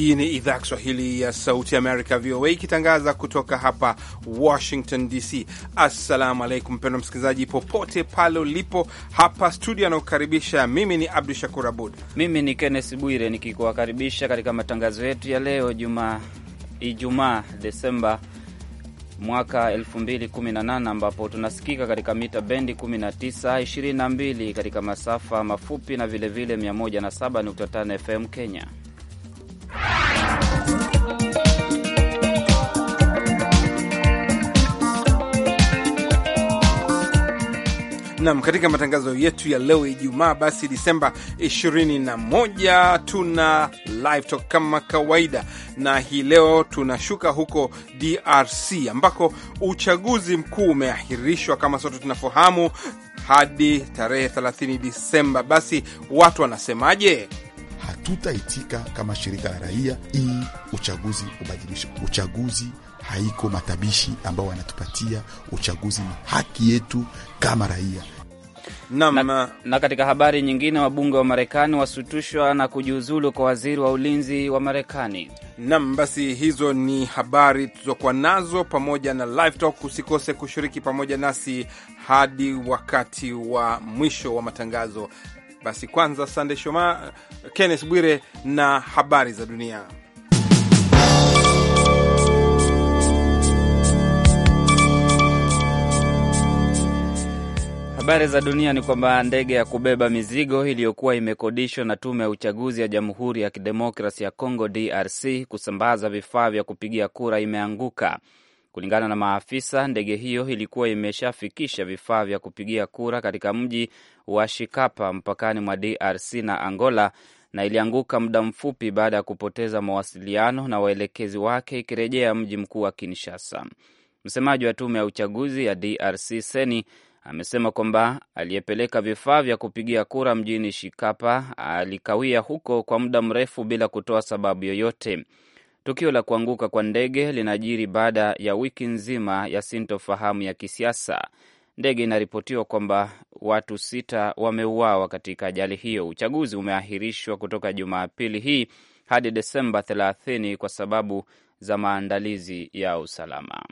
Hii ni idhaa ya Kiswahili ya Sauti Amerika, VOA, ikitangaza kutoka hapa Washington DC. Assalamu alaikum, mpendwa msikilizaji, popote pale ulipo. Hapa studio anaokaribisha mimi ni Abdu Shakur Abud, mimi ni Kennes Bwire, nikikuwakaribisha katika matangazo yetu ya leo juma Ijumaa Desemba mwaka 2018 ambapo tunasikika katika mita bendi 19, 22 katika masafa mafupi na vilevile 107.5 FM Kenya Nam, katika matangazo yetu ya leo Ijumaa, basi Disemba 21 tuna live talk kama kawaida, na hii leo tunashuka huko DRC ambako uchaguzi mkuu umeahirishwa kama sote tunafahamu hadi tarehe 30 Disemba. Basi watu wanasemaje? Hatutaitika kama shirika la raia, ili uchaguzi ubadilishwe. Uchaguzi haiko matabishi ambao wanatupatia. Uchaguzi ni haki yetu kama raia. Na, na katika habari nyingine, wabunge wa Marekani wasutushwa na kujiuzulu kwa waziri wa ulinzi wa Marekani. Nam, basi hizo ni habari tulizokuwa nazo pamoja na live talk. Usikose kushiriki pamoja nasi hadi wakati wa mwisho wa matangazo. Basi kwanza, Sande Shoma, Kenneth Bwire na habari za dunia. Habari za dunia ni kwamba ndege ya kubeba mizigo iliyokuwa imekodishwa na tume ya uchaguzi ya Jamhuri ya Kidemokrasi ya congo DRC kusambaza vifaa vya kupigia kura imeanguka. Kulingana na maafisa, ndege hiyo ilikuwa imeshafikisha vifaa vya kupigia kura katika mji wa Shikapa mpakani mwa DRC na Angola na ilianguka muda mfupi baada ya kupoteza mawasiliano na waelekezi wake ikirejea mji mkuu wa Kinshasa. Msemaji wa tume ya uchaguzi ya DRC seni amesema kwamba aliyepeleka vifaa vya kupigia kura mjini Shikapa alikawia huko kwa muda mrefu bila kutoa sababu yoyote. Tukio la kuanguka kwa ndege linajiri baada ya wiki nzima ya sintofahamu ya kisiasa. Ndege inaripotiwa kwamba watu sita wameuawa katika ajali hiyo. Uchaguzi umeahirishwa kutoka Jumapili hii hadi Desemba 30 kwa sababu za maandalizi ya usalama.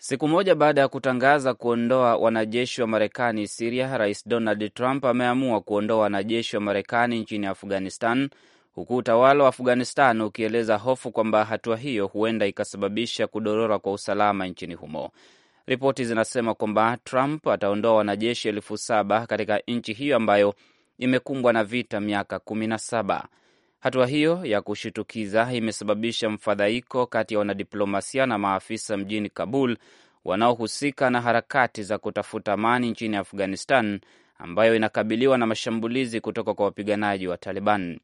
Siku moja baada ya kutangaza kuondoa wanajeshi wa Marekani Siria, Rais Donald Trump ameamua kuondoa wanajeshi wa Marekani nchini Afghanistan, huku utawala wa Afghanistan ukieleza hofu kwamba hatua hiyo huenda ikasababisha kudorora kwa usalama nchini humo. Ripoti zinasema kwamba Trump ataondoa wanajeshi elfu saba katika nchi hiyo ambayo imekumbwa na vita miaka kumi na saba. Hatua hiyo ya kushitukiza imesababisha mfadhaiko kati ya wanadiplomasia na maafisa mjini Kabul wanaohusika na harakati za kutafuta amani nchini Afghanistan ambayo inakabiliwa na mashambulizi kutoka kwa wapiganaji wa Taliban.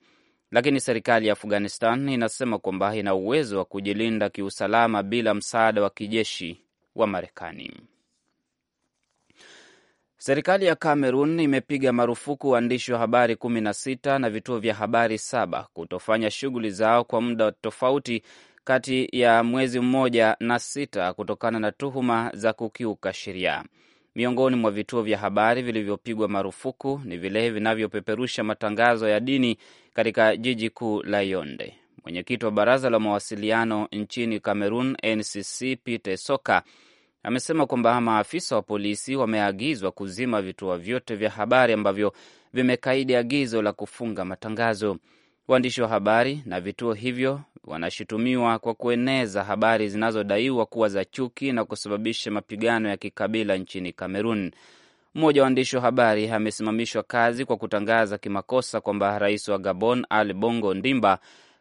Lakini serikali ya Afghanistan inasema kwamba ina uwezo wa kujilinda kiusalama bila msaada wa kijeshi wa Marekani. Serikali ya Kamerun imepiga marufuku waandishi wa habari kumi na sita na vituo vya habari saba kutofanya shughuli zao kwa muda tofauti kati ya mwezi mmoja na sita kutokana na tuhuma za kukiuka sheria. Miongoni mwa vituo vya habari vilivyopigwa marufuku ni vile vinavyopeperusha matangazo ya dini katika jiji kuu la yonde Mwenyekiti wa baraza la mawasiliano nchini Kamerun, NCC, pte Soka amesema kwamba maafisa wa polisi wameagizwa kuzima vituo vyote vya habari ambavyo vimekaidi agizo la kufunga matangazo. Waandishi wa habari na vituo hivyo wanashutumiwa kwa kueneza habari zinazodaiwa kuwa za chuki na kusababisha mapigano ya kikabila nchini Kamerun. Mmoja wa waandishi wa habari amesimamishwa kazi kwa kutangaza kimakosa kwamba rais wa Gabon Ali Bongo Ndimba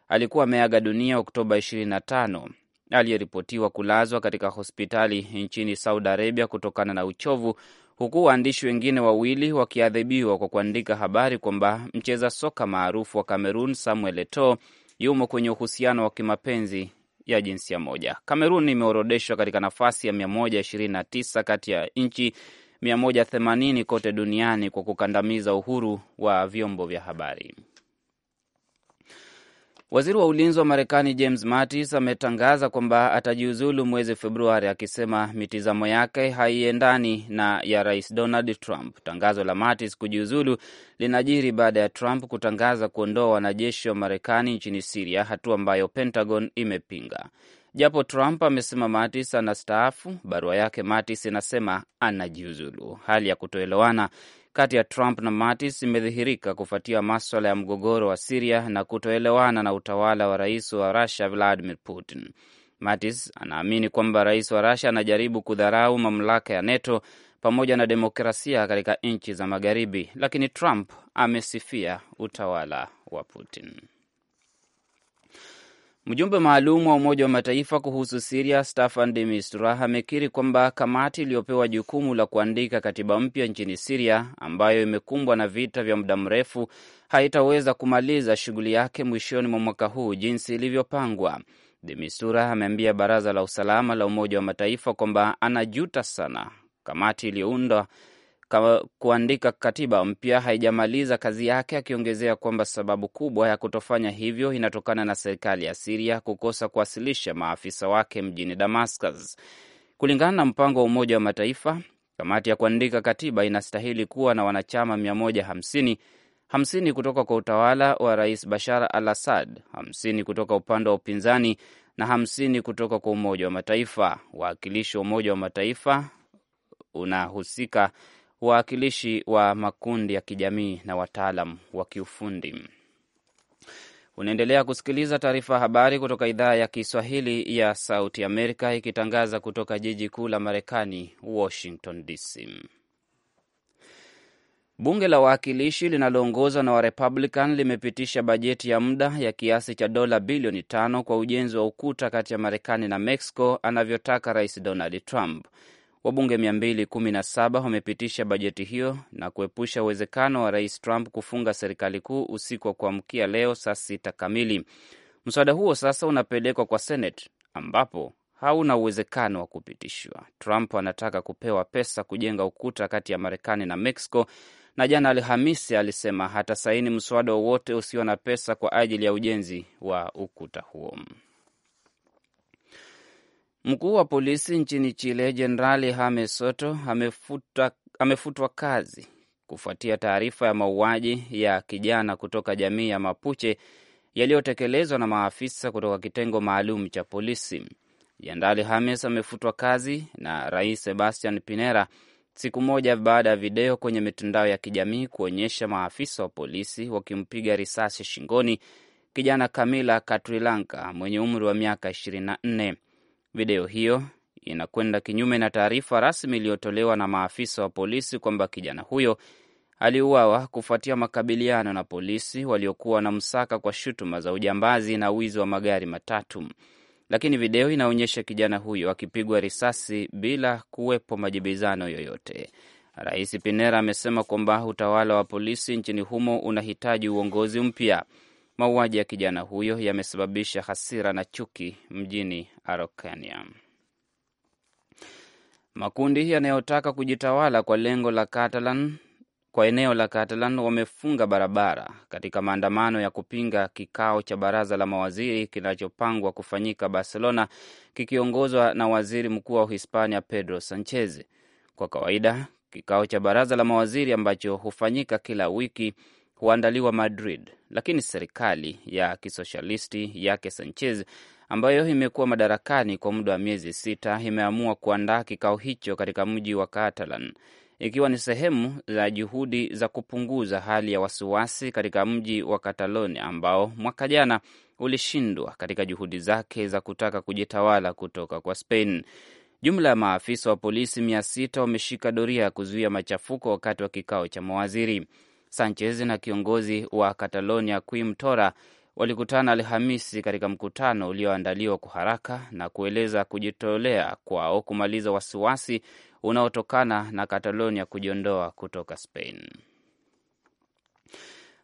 alikuwa ameaga dunia Oktoba 25 aliyeripotiwa kulazwa katika hospitali nchini Saudi Arabia kutokana na uchovu, huku waandishi wengine wawili wakiadhibiwa kwa kuandika habari kwamba mcheza soka maarufu wa Kamerun Samuel Eto'o yumo kwenye uhusiano wa kimapenzi ya jinsia moja. Kamerun imeorodeshwa katika nafasi ya 129 kati ya nchi 180 kote duniani kwa kukandamiza uhuru wa vyombo vya habari. Waziri wa ulinzi wa Marekani James Mattis ametangaza kwamba atajiuzulu mwezi Februari, akisema mitizamo yake haiendani na ya Rais Donald Trump. Tangazo la Mattis kujiuzulu linajiri baada ya Trump kutangaza kuondoa wanajeshi wa Marekani nchini Siria, hatua ambayo Pentagon imepinga. Japo Trump amesema Mattis anastaafu, barua yake Mattis inasema anajiuzulu. Hali ya kutoelewana kati ya Trump na Mattis imedhihirika kufuatia maswala ya mgogoro wa Siria na kutoelewana na utawala wa rais wa Rusia Vladimir Putin. Mattis anaamini kwamba rais wa Rusia anajaribu kudharau mamlaka ya NATO pamoja na demokrasia katika nchi za Magharibi, lakini Trump amesifia utawala wa Putin. Mjumbe maalum wa Umoja wa Mataifa kuhusu Siria Staffan de Mistura amekiri kwamba kamati iliyopewa jukumu la kuandika katiba mpya nchini Siria ambayo imekumbwa na vita vya muda mrefu haitaweza kumaliza shughuli yake mwishoni mwa mwaka huu jinsi ilivyopangwa. De Mistura ameambia Baraza la Usalama la Umoja wa Mataifa kwamba anajuta sana kamati iliyoundwa kuandika katiba mpya haijamaliza kazi yake, akiongezea kwamba sababu kubwa ya kutofanya hivyo inatokana na serikali ya Siria kukosa kuwasilisha maafisa wake mjini Damascus. Kulingana na mpango wa Umoja wa Mataifa, kamati ya kuandika katiba inastahili kuwa na wanachama 150 50 kutoka kwa utawala wa Rais Bashar al Assad, 50 kutoka upande wa upinzani na 50 kutoka kwa Umoja wa Mataifa. Wawakilishi wa Umoja wa Mataifa unahusika wawakilishi wa makundi ya kijamii na wataalam wa kiufundi. Unaendelea kusikiliza taarifa habari kutoka idhaa ya Kiswahili ya Sauti Amerika ikitangaza kutoka jiji kuu la Marekani, Washington DC. Bunge la wawakilishi linaloongozwa na Warepublican limepitisha bajeti ya muda ya kiasi cha dola bilioni tano kwa ujenzi wa ukuta kati ya Marekani na Mexico anavyotaka Rais Donald Trump. Wabunge 217 wamepitisha bajeti hiyo na kuepusha uwezekano wa rais Trump kufunga serikali kuu usiku wa kuamkia leo saa sita kamili. Mswada huo sasa unapelekwa kwa Senate ambapo hauna uwezekano wa kupitishwa. Trump anataka kupewa pesa kujenga ukuta kati ya Marekani na Mexico, na jana Alhamisi alisema hatasaini mswada wowote usio na pesa kwa ajili ya ujenzi wa ukuta huo. Mkuu wa polisi nchini Chile Jenerali Jaime Soto amefutwa kazi kufuatia taarifa ya mauaji ya kijana kutoka jamii ya Mapuche yaliyotekelezwa na maafisa kutoka kitengo maalum cha polisi. Jenerali James amefutwa kazi na Rais Sebastian Pinera siku moja baada ya video kwenye mitandao ya kijamii kuonyesha maafisa wa polisi wakimpiga risasi shingoni kijana Camila Catrilanca mwenye umri wa miaka 24. Video hiyo inakwenda kinyume na taarifa rasmi iliyotolewa na maafisa wa polisi kwamba kijana huyo aliuawa kufuatia makabiliano na polisi waliokuwa msaka kwa shutuma za ujambazi na wizi wa magari matatu. Lakini video inaonyesha kijana huyo akipigwa risasi bila kuwepo majibizano yoyote. Rais Pinera amesema kwamba utawala wa polisi nchini humo unahitaji uongozi mpya. Mauaji ya kijana huyo yamesababisha hasira na chuki mjini Arokania. Makundi yanayotaka kujitawala kwa lengo la Catalan kwa eneo la Catalan wamefunga barabara katika maandamano ya kupinga kikao cha baraza la mawaziri kinachopangwa kufanyika Barcelona kikiongozwa na waziri mkuu wa Uhispania Pedro Sanchez. Kwa kawaida kikao cha baraza la mawaziri ambacho hufanyika kila wiki kuandaliwa Madrid, lakini serikali ya kisoshalisti yake Sanchez ambayo imekuwa madarakani kwa muda wa miezi sita imeamua kuandaa kikao hicho katika mji wa Catalan ikiwa ni sehemu za juhudi za kupunguza hali ya wasiwasi katika mji wa Catalonia ambao mwaka jana ulishindwa katika juhudi zake za kutaka kujitawala kutoka kwa Spain. Jumla ya maafisa wa polisi mia sita wameshika doria ya kuzuia machafuko wakati wa kikao cha mawaziri. Sanchez na kiongozi wa Catalonia Quim tora walikutana Alhamisi katika mkutano ulioandaliwa kwa haraka na kueleza kujitolea kwao kumaliza wasiwasi unaotokana na Catalonia kujiondoa kutoka Spain.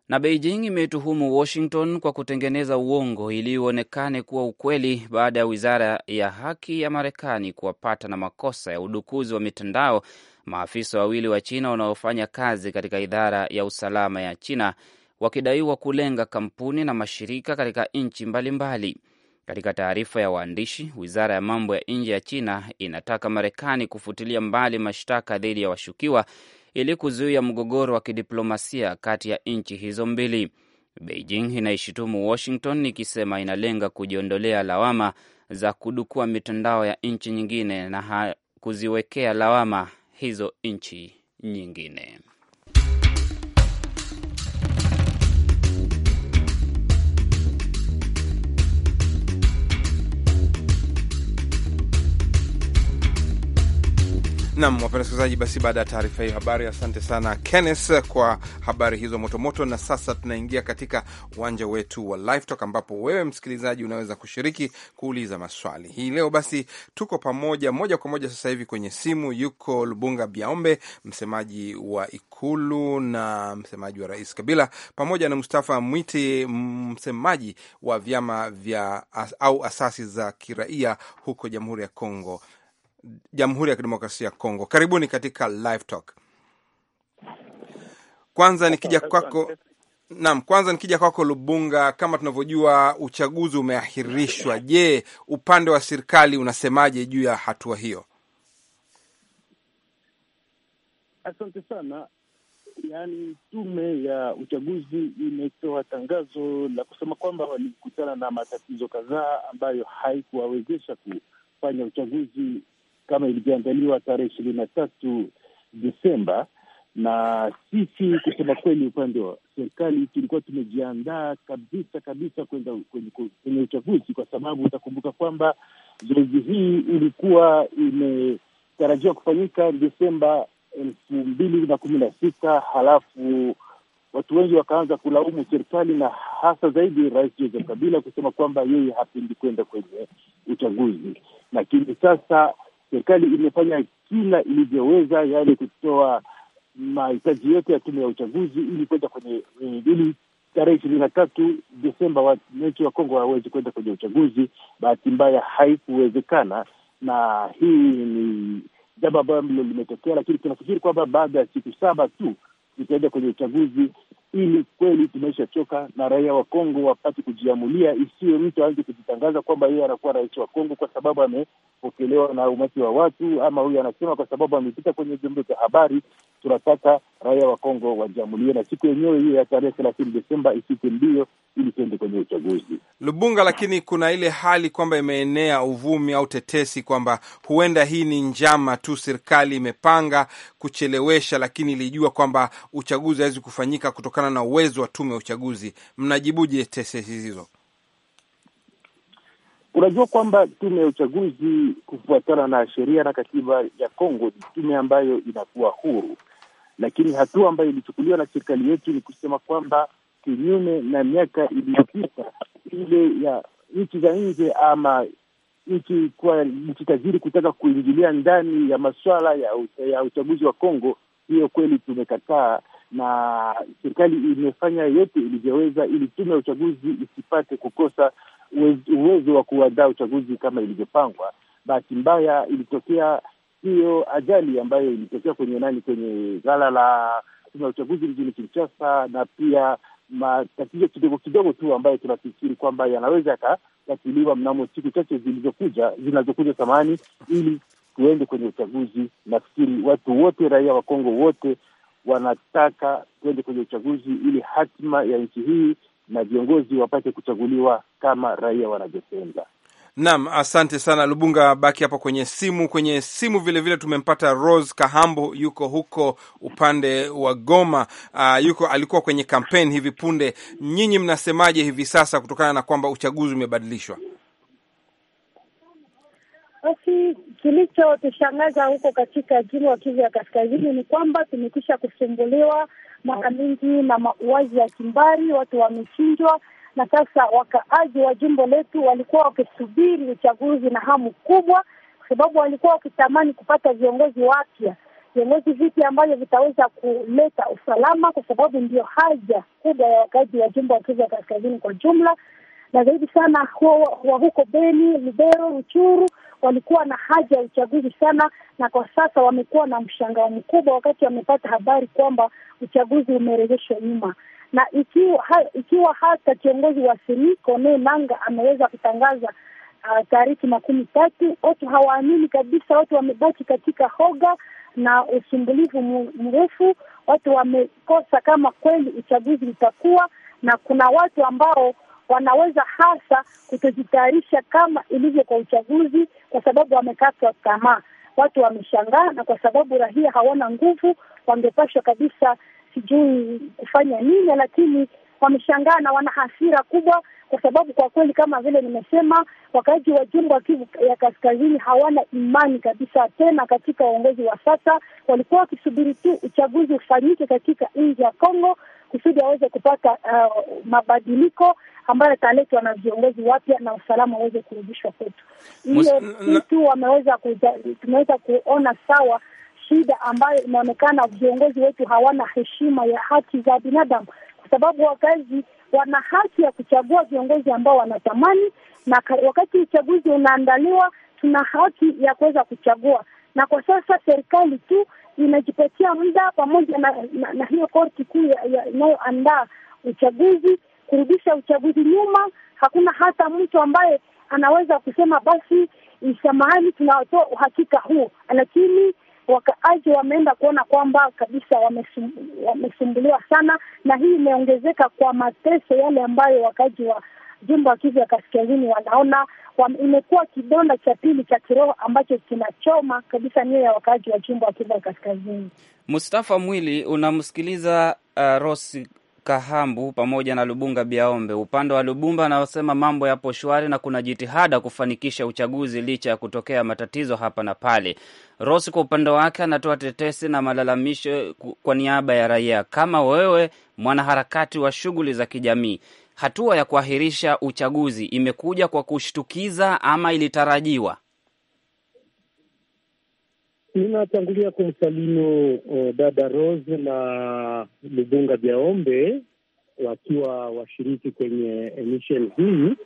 Na Beijing imetuhumu Washington kwa kutengeneza uongo ili uonekane kuwa ukweli baada ya wizara ya haki ya Marekani kuwapata na makosa ya udukuzi wa mitandao maafisa wawili wa China wanaofanya kazi katika idara ya usalama ya China wakidaiwa kulenga kampuni na mashirika katika nchi mbalimbali. Katika taarifa ya waandishi, wizara ya mambo ya nje ya China inataka Marekani kufutilia mbali mashtaka dhidi ya washukiwa ili kuzuia mgogoro wa kidiplomasia kati ya nchi hizo mbili. Beijing inaishutumu Washington ikisema inalenga kujiondolea lawama za kudukua mitandao ya nchi nyingine na kuziwekea lawama hizo nchi nyingine. Nam, wapenda wasikilizaji, basi baada ya taarifa hiyo habari, asante sana Kennes kwa habari hizo motomoto. Na sasa tunaingia katika uwanja wetu wa Live Talk ambapo wewe msikilizaji unaweza kushiriki kuuliza maswali hii leo. Basi tuko pamoja moja kwa moja sasa hivi kwenye simu, yuko Lubunga Biaombe, msemaji wa Ikulu na msemaji wa Rais Kabila, pamoja na Mustafa Mwiti, msemaji wa vyama vya au asasi za kiraia huko Jamhuri ya Kongo Jamhuri ya Kidemokrasia ya Kongo. Karibuni katika Live Talk. Kwanza nikija kwako Naam, kwanza nikija kwako Lubunga, kama tunavyojua uchaguzi umeahirishwa. Je, upande wa serikali unasemaje juu ya hatua hiyo? Asante sana. Yaani, tume ya uchaguzi imetoa tangazo la kusema kwamba walikutana na matatizo kadhaa ambayo haikuwawezesha kufanya uchaguzi kama ilivyoandaliwa tarehe ishirini na tatu Desemba. Na sisi kusema kweli, upande wa serikali tulikuwa tumejiandaa kabisa kabisa kwenda kwenye uchaguzi, kwa sababu utakumbuka kwamba zoezi hii ilikuwa imetarajiwa kufanyika Desemba elfu mbili na kumi na sita halafu watu wengi wakaanza kulaumu serikali na hasa zaidi Rais Joseph Kabila kusema kwamba yeye hapendi kwenda kwenye uchaguzi, lakini sasa serikali imefanya kila ilivyoweza, yaani kutoa mahitaji yote ya tume ya uchaguzi ili kwenda kwenye ili tarehe ishirini na tatu Desemba wananchi wa Kongo wawezi kwenda kwenye uchaguzi. Bahati mbaya haikuwezekana, na hii ni jambo ambalo limetokea, lakini tunafikiri kwamba baada ya siku saba tu tutaenda kwenye uchaguzi ili kweli tumeshachoka na raia wa Kongo wapate kujiamulia, isiwe mtu aanze kujitangaza kwamba yeye anakuwa rais wa Kongo kwa sababu amepokelewa na umati wa watu, ama huyu anasema kwa sababu amepita kwenye vyombo vya habari. Tunataka raia wa Kongo wajiamulie, na siku yenyewe hiyo ya tarehe thelathini Desemba ifike mbio, ili tuende kwenye uchaguzi Lubunga. Lakini kuna ile hali kwamba imeenea uvumi au tetesi kwamba huenda hii ni njama tu, serikali imepanga kuchelewesha, lakini ilijua kwamba uchaguzi hawezi kufanyika kutoka kutokana na uwezo wa tume ya uchaguzi. Mnajibuje tetesi hizo? Unajua kwamba tume ya uchaguzi kufuatana na sheria na katiba ya Kongo ni tume ambayo inakuwa huru, lakini hatua ambayo ilichukuliwa na serikali yetu ni kusema kwamba kinyume na miaka iliyopita ile ya nchi za nje ama nchi kwa nchi tajiri kutaka kuingilia ndani ya maswala ya, ya uchaguzi wa Kongo, hiyo kweli tumekataa na serikali imefanya yote ilivyoweza ili tume ya uchaguzi isipate kukosa uwezo wa kuandaa uchaguzi kama ilivyopangwa. Bahati mbaya ilitokea hiyo ajali ambayo ilitokea kwenye nani, kwenye ghala la tume ya uchaguzi mjini Kinshasa, na pia matatizo kidogo kidogo tu ambayo tunafikiri kwamba yanaweza yakatatiliwa mnamo siku chache zilizokuja zinazokuja thamani, ili tuende kwenye uchaguzi. Nafikiri watu wote, raia wa Kongo wote wanataka tuende kwenye uchaguzi ili hatima ya nchi hii na viongozi wapate kuchaguliwa kama raia wanavyopenda. Naam, asante sana Lubunga, baki hapo kwenye simu. Kwenye simu vilevile vile tumempata Rose Kahambo, yuko huko upande wa Goma. Uh, yuko alikuwa kwenye kampeni hivi punde. Nyinyi mnasemaje hivi sasa, kutokana na kwamba uchaguzi umebadilishwa? Basi Kilichotushangaza huko katika jimbo wa Kivu ya Kaskazini ni kwamba tumekwisha kusumbuliwa mara mingi na mauaji ya kimbari, watu wamechinjwa, na sasa wakaaji wa jimbo letu walikuwa wakisubiri uchaguzi na hamu kubwa, kwa sababu walikuwa wakitamani kupata viongozi wapya, viongozi vipi ambavyo vitaweza kuleta usalama, kwa sababu ndio haja kubwa ya wakaaji wa jimbo wa Kivu ya Kaskazini kwa jumla na zaidi sana wa huko Beni, Lubero, Ruchuru walikuwa na haja ya uchaguzi sana, na kwa sasa wamekuwa na mshangao mkubwa wakati wamepata habari kwamba uchaguzi umerejeshwa nyuma, na ikiwa, ha, ikiwa hata kiongozi wa Seniko ne Nanga ameweza kutangaza uh, tariki makumi tatu, watu hawaamini kabisa. Watu wamebaki katika hoga na usumbulivu mrefu. Watu wamekosa kama kweli uchaguzi utakuwa, na kuna watu ambao wanaweza hasa kutojitayarisha kama ilivyo kwa uchaguzi, kwa sababu wamekatwa tamaa. Watu wameshangaa, na kwa sababu rahia hawana nguvu, wangepashwa kabisa sijui kufanya nini, lakini wameshangaa na wana hasira kubwa kwa sababu kwa kweli kama vile nimesema, wakaaji wa jimbo wa Kivu ya Kaskazini hawana imani kabisa tena katika uongozi wa sasa. Walikuwa wakisubiri tu uchaguzi ufanyike katika nchi ya Kongo kusudi aweze kupata uh, mabadiliko ambayo yataletwa na viongozi wapya na usalama aweze kurudishwa kwetu. Hiyo tu wameweza tumeweza kuona sawa shida ambayo inaonekana viongozi wetu hawana heshima ya haki za binadamu, kwa sababu wakazi wana haki ya kuchagua viongozi ambao wanatamani, na wakati uchaguzi unaandaliwa, tuna haki ya kuweza kuchagua. Na kwa sasa serikali tu inajipatia muda pamoja na, na, na hiyo korti kuu inayoandaa uchaguzi kurudisha uchaguzi nyuma. Hakuna hata mtu ambaye anaweza kusema basi, samahani, tunatoa uhakika huu, lakini wakaaji wameenda kuona kwamba kabisa wamesum, wamesumbuliwa sana, na hii imeongezeka kwa mateso yale ambayo wakaaji wa jimbo wa Kivu ya kaskazini wanaona wa, imekuwa kidonda cha pili cha kiroho ambacho kinachoma kabisa nia ya wakaaji wa jimbo wa Kivu ya kaskazini. Mustafa Mwili, unamsikiliza uh, Rosi Kahambu pamoja na Lubunga Biaombe. Upande wa Lubumba anaosema mambo yapo shwari na kuna jitihada kufanikisha uchaguzi licha ya kutokea matatizo hapa na pale. Rosi kwa upande wake anatoa tetesi na malalamisho kwa niaba ya raia. Kama wewe mwanaharakati wa shughuli za kijamii, hatua ya kuahirisha uchaguzi imekuja kwa kushtukiza ama ilitarajiwa? Ninatangulia kumsalimu uh, eh, dada Rose na Lubunga Jaombe wakiwa washiriki kwenye emission hii,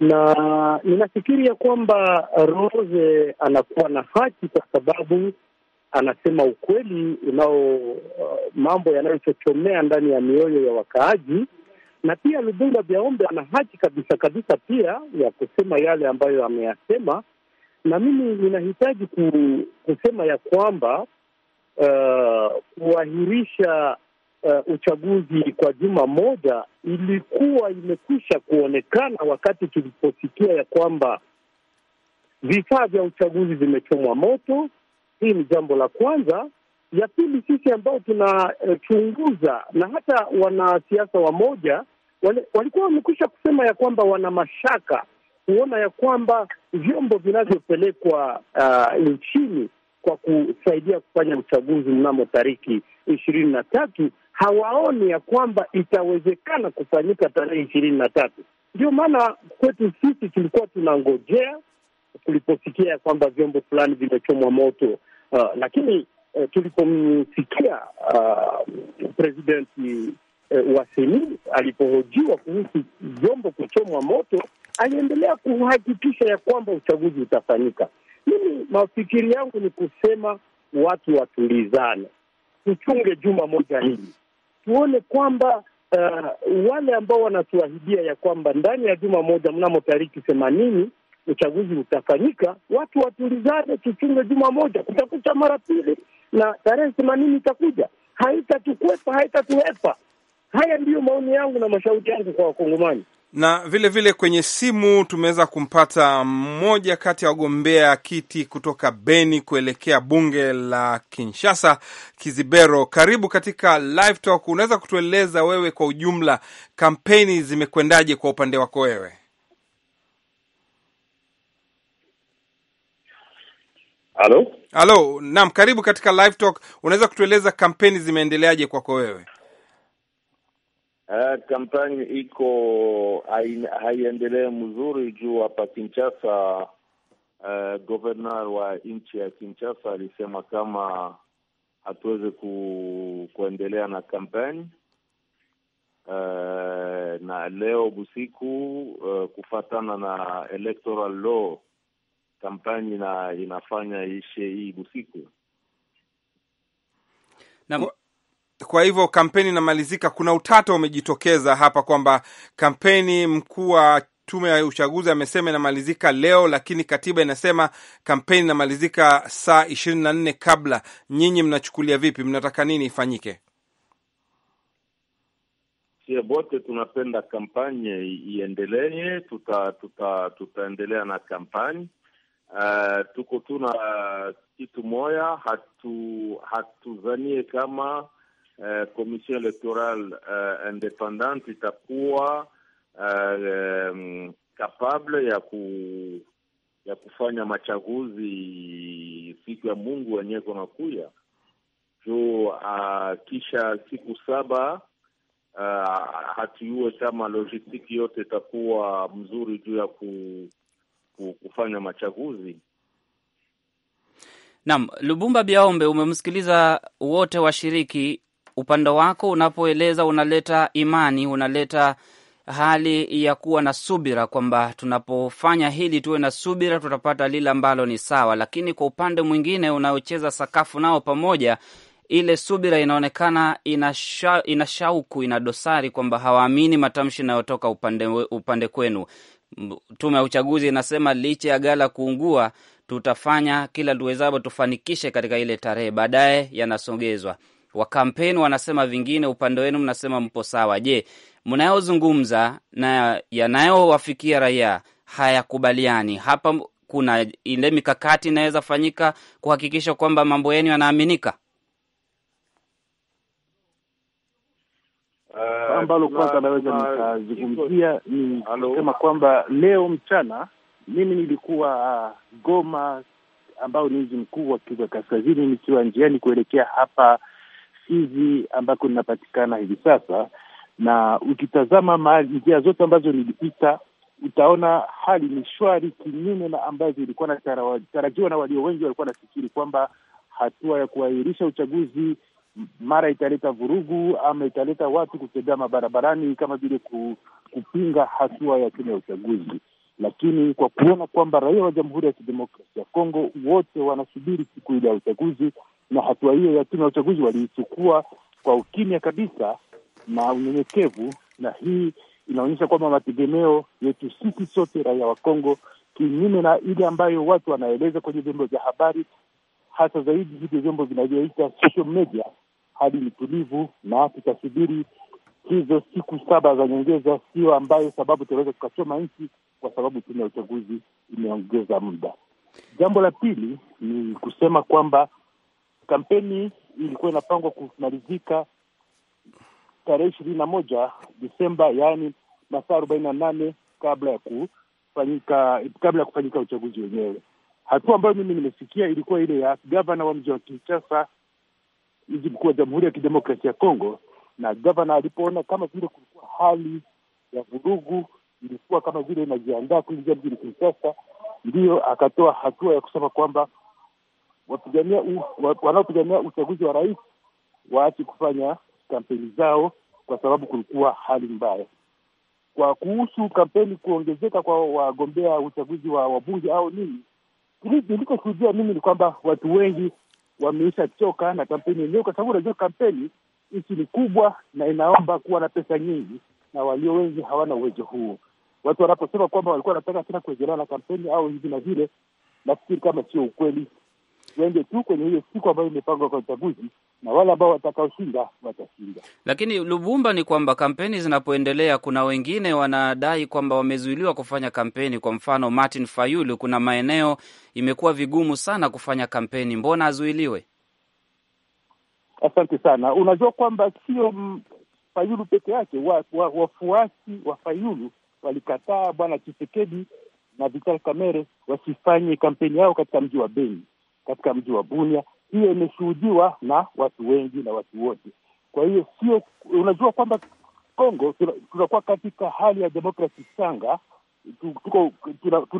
na ninafikiria kwamba Rose anakuwa na haki kwa sababu anasema ukweli unao uh, mambo yanayochochomea ndani ya mioyo ya wakaaji, na pia Lubunga Jaombe ana haki kabisa kabisa pia ya kusema yale ambayo ameyasema na mimi ninahitaji kusema ya kwamba uh, kuahirisha uh, uchaguzi kwa juma moja ilikuwa imekwisha kuonekana wakati tuliposikia ya kwamba vifaa vya uchaguzi vimechomwa moto. Hii ni jambo la kwanza. Ya pili, sisi ambao tunachunguza eh, uh, na hata wanasiasa wamoja walikuwa wamekwisha kusema ya kwamba wana mashaka kuona ya kwamba vyombo vinavyopelekwa uh, nchini kwa kusaidia kufanya uchaguzi mnamo tariki ishirini na tatu hawaoni ya kwamba itawezekana kufanyika tarehe ishirini na tatu. Ndio maana kwetu sisi tulikuwa tunangojea tuliposikia ya kwamba vyombo fulani vimechomwa moto uh, lakini uh, tulipomsikia uh, presidenti uh, wa seni alipohojiwa kuhusu vyombo kuchomwa moto aliendelea kuhakikisha ya kwamba uchaguzi utafanyika. Mimi mafikiri yangu ni kusema watu watulizane, tuchunge juma moja hili, tuone kwamba uh, wale ambao wanatuahidia ya kwamba ndani ya juma moja mnamo tariki themanini uchaguzi utafanyika, watu watulizane, tuchunge juma moja, kutakucha mara pili na tarehe themanini itakuja, haitatukwepa, haitatuhepa. Haya ndiyo maoni yangu na mashauri yangu kwa Wakongomani na vilevile vile kwenye simu tumeweza kumpata mmoja kati ya wagombea kiti kutoka Beni kuelekea bunge la Kinshasa, Kizibero. Karibu katika Live Talk. Unaweza kutueleza wewe kwa ujumla kampeni zimekwendaje kwa upande wako wewe? Halo, halo, naam, karibu katika Live Talk. Unaweza kutueleza kampeni zimeendeleaje kwako wewe? Uh, kampani iko haiendelee mzuri juu hapa Kinshasa. Uh, governor wa nchi ya Kinshasa alisema kama hatuweze ku, kuendelea na kampani uh, eh, na leo busiku uh, kufatana na electoral law kampani na inafanya ishe hii busiku na kwa hivyo kampeni inamalizika. Kuna utata umejitokeza hapa kwamba kampeni mkuu wa tume ya uchaguzi amesema inamalizika leo, lakini katiba inasema kampeni inamalizika saa ishirini na nne kabla. Nyinyi mnachukulia vipi? Mnataka nini ifanyike? Sie tunapenda kampanye iendelee, tuta, tuta, tutaendelea na kampani uh, tuko tuna kitu moya, hatu hatuzanie kama eh, commission electorale eh, itakuwa eh, um, capable ya ku ya kufanya machaguzi siku ya Mungu wenyewe kunakuya juu uh, ah, kisha siku saba uh, hatuiwe kama logistiki yote itakuwa mzuri juu ya ku, ku, kufanya machaguzi. Naam, Lubumba Biaombe, umemsikiliza wote washiriki upande wako unapoeleza, unaleta imani, unaleta hali ya kuwa na subira, kwamba tunapofanya hili tuwe na subira, tutapata lile ambalo ni sawa. Lakini kwa upande mwingine unaocheza sakafu nao pamoja, ile subira inaonekana inasha, inashauku ina dosari, kwamba hawaamini matamshi yanayotoka upande, upande kwenu. Tume ya uchaguzi inasema licha ya gala kuungua, tutafanya kila tuwezavyo tufanikishe katika ile tarehe, baadaye yanasogezwa wa kampeni wanasema vingine, upande wenu mnasema mpo sawa. Je, mnayozungumza na yanayowafikia raia hayakubaliani? Hapa kuna ile mikakati inaweza fanyika kuhakikisha kwamba mambo yenu yanaaminika. Uh, ambalo kwanza naweza nikazungumzia ni kusema kwamba leo mchana mimi nilikuwa uh, Goma, ambao ni mji mkuu wa Kivu Kaskazini, nikiwa njiani kuelekea hapa hizi ambako ninapatikana hivi sasa, na ukitazama njia zote ambazo nilipita utaona hali ni shwari, kinyume na ambazo ilikuwa natarajiwa na walio wengi walikuwa nafikiri kwamba hatua ya kuahirisha uchaguzi mara italeta vurugu ama italeta watu kutembea mabarabarani kama vile kupinga hatua ya tume ya uchaguzi. Lakini kwa kuona kwamba raia wa Jamhuri ya Kidemokrasia ya Kongo wote wanasubiri siku ile ya uchaguzi, na hatua hiyo ya tume ya uchaguzi waliichukua kwa ukimya kabisa na unyenyekevu, na hii inaonyesha kwamba mategemeo yetu sisi sote raia wa Kongo, kinyume na ile ambayo watu wanaeleza kwenye vyombo vya habari, hasa zaidi hivyo vyombo vinavyoita social media, hadi ni tulivu, na tutasubiri hizo siku saba za nyongeza, sio ambayo sababu tunaweza tukachoma nchi kwa sababu tume ya uchaguzi imeongeza muda. Jambo la pili ni kusema kwamba Kampeni ilikuwa inapangwa kumalizika tarehe ishirini na moja Desemba, yaani masaa arobaini na nane kabla ya kufanyika kabla ya kufanyika uchaguzi wenyewe. Hatua ambayo mimi nimesikia ilikuwa ile ya gavana wa mji wa Kinshasa, mji mkuu wa Jamhuri ya Kidemokrasia ya Kongo, na gavana alipoona kama vile kulikuwa hali ya vurugu ilikuwa kama vile inajiandaa kuingia mjini Kinshasa, ndiyo akatoa hatua ya kusema kwamba wapigania wanaopigania uchaguzi wa rais waache kufanya kampeni zao, kwa sababu kulikuwa hali mbaya. Kwa kuhusu kampeni kuongezeka kwa wagombea uchaguzi wa wabunge au nini, nilikoshuhudia mimi ni kwamba watu wengi wameisha choka na kampeni yenyewe, kwa sababu unajua kampeni nchi ni kubwa na inaomba kuwa na pesa nyingi, na walio wengi hawana uwezo huo. Watu wanaposema kwamba walikuwa wanataka tena kuendelea na kampeni au hivi na vile, nafikiri kama sio ukweli, tuende tu kwenye hiyo siku ambayo imepangwa kwa uchaguzi, na wale ambao watakaoshinda watashinda. Lakini Lubumba, ni kwamba kampeni zinapoendelea, kuna wengine wanadai kwamba wamezuiliwa kufanya kampeni. Kwa mfano Martin Fayulu, kuna maeneo imekuwa vigumu sana kufanya kampeni, mbona azuiliwe? Asante sana. Unajua kwamba sio Fayulu peke yake, wafuasi wa, wa, wa Fayulu walikataa bwana Chisekedi na Vital Kamere wasifanye kampeni yao katika mji wa Beni katika mji wa Bunia. Hiyo imeshuhudiwa na watu wengi na watu wote. Kwa hiyo sio, unajua kwamba Kongo tunakuwa katika hali ya demokrasi changa, tuko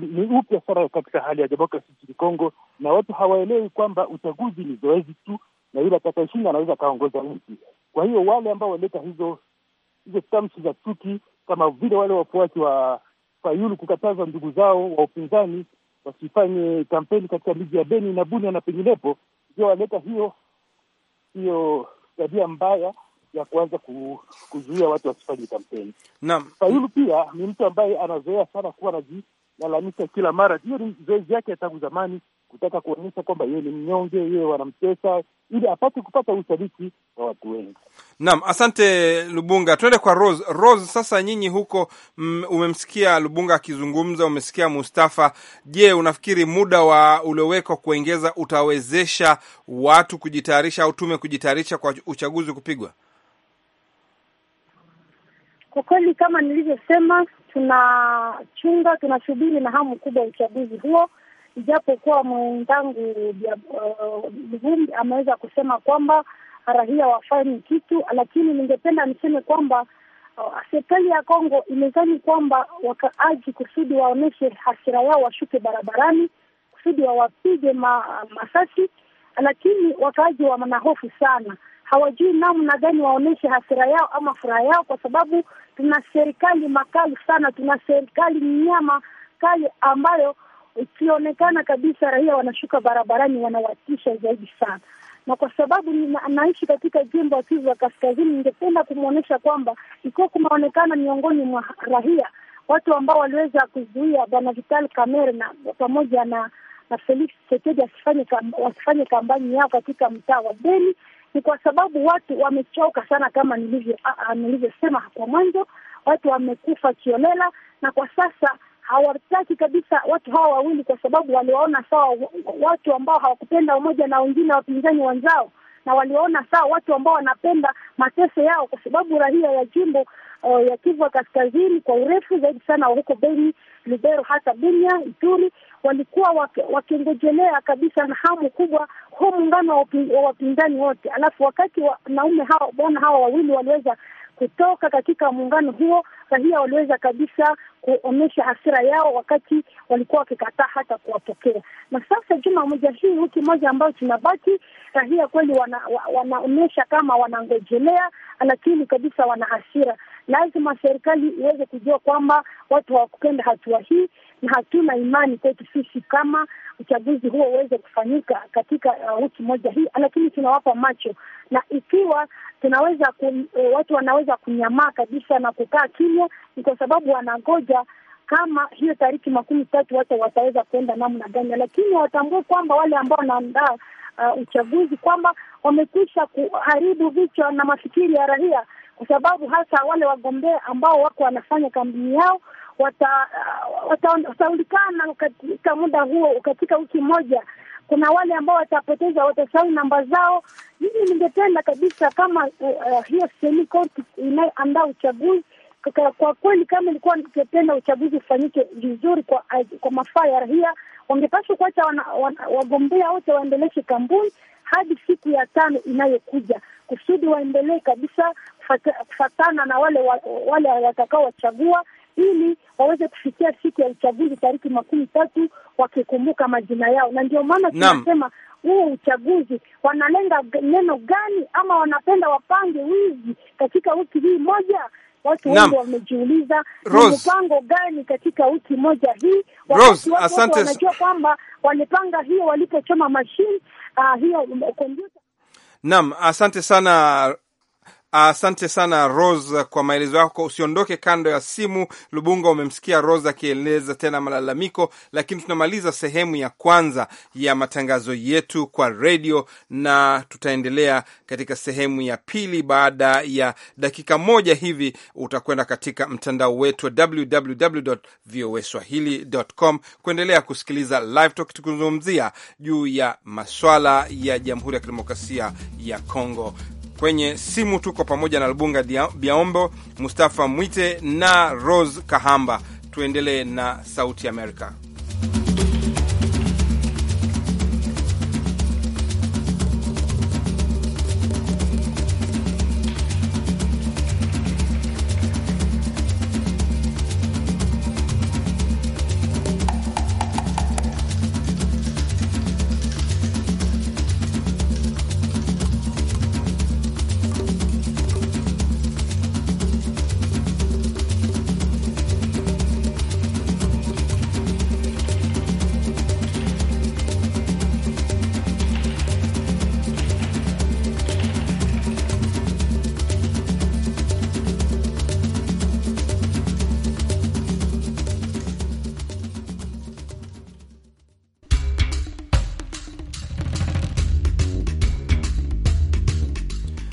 ni upya sana katika hali ya demokrasi nchini Kongo, na watu hawaelewi kwamba uchaguzi ni zoezi tu, na yule atakayeshinda anaweza akaongoza nchi. Kwa hiyo wale ambao waleta hizo hizo tamshi za chuki kama vile wale wafuasi wa Fayulu kukataza ndugu zao wa upinzani wasifanye kampeni katika miji ya Beni na Bunia na penginepo, ndio waleta hiyo hiyo tabia mbaya ya kuanza kuzuia watu wasifanye kampeni. Naam, Fayulu pia ni mtu ambaye anazoea sana kuwa anajilalamisa kila mara, hiyo ni zoezi yake ya tangu zamani kutaka kuonyesha kwamba yeye ni mnyonge, yeye wanamtesa ili apate kupata ushabiki wa watu wengi. Naam, asante Lubunga. Tuende kwa Rose. Rose, sasa nyinyi huko mm, umemsikia Lubunga akizungumza, umesikia Mustafa. Je, unafikiri muda wa uliowekwa kuengeza utawezesha watu kujitayarisha au tume kujitayarisha kwa uchaguzi kupigwa? Kwa kweli, kama nilivyosema, tunachunga tunasubiri na hamu kubwa uchaguzi huo ijapokuwa mwenzangu Mvumbi uh, ameweza kusema kwamba rahia wafanyi kitu, lakini ningependa niseme kwamba uh, serikali ya Kongo imezani kwamba wakaaji kusudi waoneshe hasira yao, washuke barabarani kusudi wawapige ma, masasi, lakini wakaaji wana hofu sana hawajui namna gani waoneshe hasira yao ama furaha yao, kwa sababu tuna serikali makali sana, tuna serikali mnyama kali ambayo ikionekana kabisa raia wanashuka barabarani, wanawatisha zaidi sana. Na kwa sababu anaishi katika jimbo ya Kivu ya Kaskazini, ningependa kumwonyesha kwamba ikiwa kumeonekana miongoni mwa raia watu ambao waliweza kuzuia bwana Vital Kamerhe na pamoja na na Felix Tshisekedi asifanye wasifanye kampani yao katika mtaa wa Beni, ni kwa sababu watu wamechoka sana, kama nilivyo nilivyosema hapo mwanzo, watu wamekufa kiolela, na kwa sasa hawataki kabisa watu hawa wawili, kwa sababu waliwaona sawa watu ambao hawakupenda umoja na wengine wapinzani wenzao, na waliwaona sawa watu ambao wanapenda mateso yao, kwa sababu raia ya jimbo uh, ya Kivu Kaskazini kwa urefu zaidi sana huko Beni, Lubero, hata Bunia, Ituri walikuwa wakingojelea kabisa na hamu kubwa huu muungano wa wapinzani wote. Alafu wakati wanaume hawa bwana hawa wawili waliweza kutoka katika muungano huo raia waliweza kabisa kuonyesha hasira yao wakati walikuwa wakikataa hata kuwapokea. Na sasa juma moja hii, wiki moja ambayo tunabaki, raia kweli wanaonyesha wana kama wanangojelea, lakini kabisa wana hasira lazima serikali iweze kujua kwamba watu hawakupenda hatua hii, na hatuna imani kwetu sisi kama uchaguzi huo uweze kufanyika katika uh, wiki moja hii, lakini tunawapa macho, na ikiwa tunaweza ku, eh, watu wanaweza kunyamaa kabisa na kukaa kimya, ni kwa sababu wanangoja kama hiyo tariki makumi tatu watu wataweza kuenda namna gani, lakini watambue kwamba wale ambao wanaandaa uh, uchaguzi kwamba wamekwisha kuharibu vichwa na mafikiri ya raia kwa sababu hasa wale wagombea ambao wako wanafanya kampeni yao wataulikana wata, uh, katika muda huo, katika wiki moja kuna wale ambao watapoteza, watasahau namba zao. Mimi ningependa kabisa kama uh, uh, hiyo seni koti inayoandaa uchaguzi kwa, kwa kweli kama ilikuwa ningependa uchaguzi ufanyike vizuri kwa, uh, kwa mafaa ya rahia wangepaswa kuacha wagombea wote waendeleshe kampuni hadi siku ya tano inayokuja, kusudi waendelee kabisa kufatana na wale wa, wale watakaowachagua ili waweze kufikia siku ya uchaguzi tariki makumi tatu wakikumbuka majina yao, na ndio maana tunasema huo uchaguzi wanalenga neno gani, ama wanapenda wapange wizi katika wiki hii moja. Watu wengi wamejiuliza ni mpango gani katika wiki moja hii, wakati watu wanajua kwamba walipanga hiyo walipochoma mashine uh, ah, hiyo kompyuta Naam, asante sana Asante sana Rose kwa maelezo yako. Usiondoke kando ya simu, Lubunga. Umemsikia Rose akieleza tena malalamiko, lakini tunamaliza sehemu ya kwanza ya matangazo yetu kwa redio, na tutaendelea katika sehemu ya pili baada ya dakika moja hivi. Utakwenda katika mtandao wetu wa www voa swahilicom kuendelea kusikiliza Live Talk tukizungumzia juu ya maswala ya Jamhuri ya Kidemokrasia ya congo Kwenye simu tuko pamoja na Lubunga Biaombo, Mustafa Mwite na Rose Kahamba. Tuendelee na Sauti Amerika.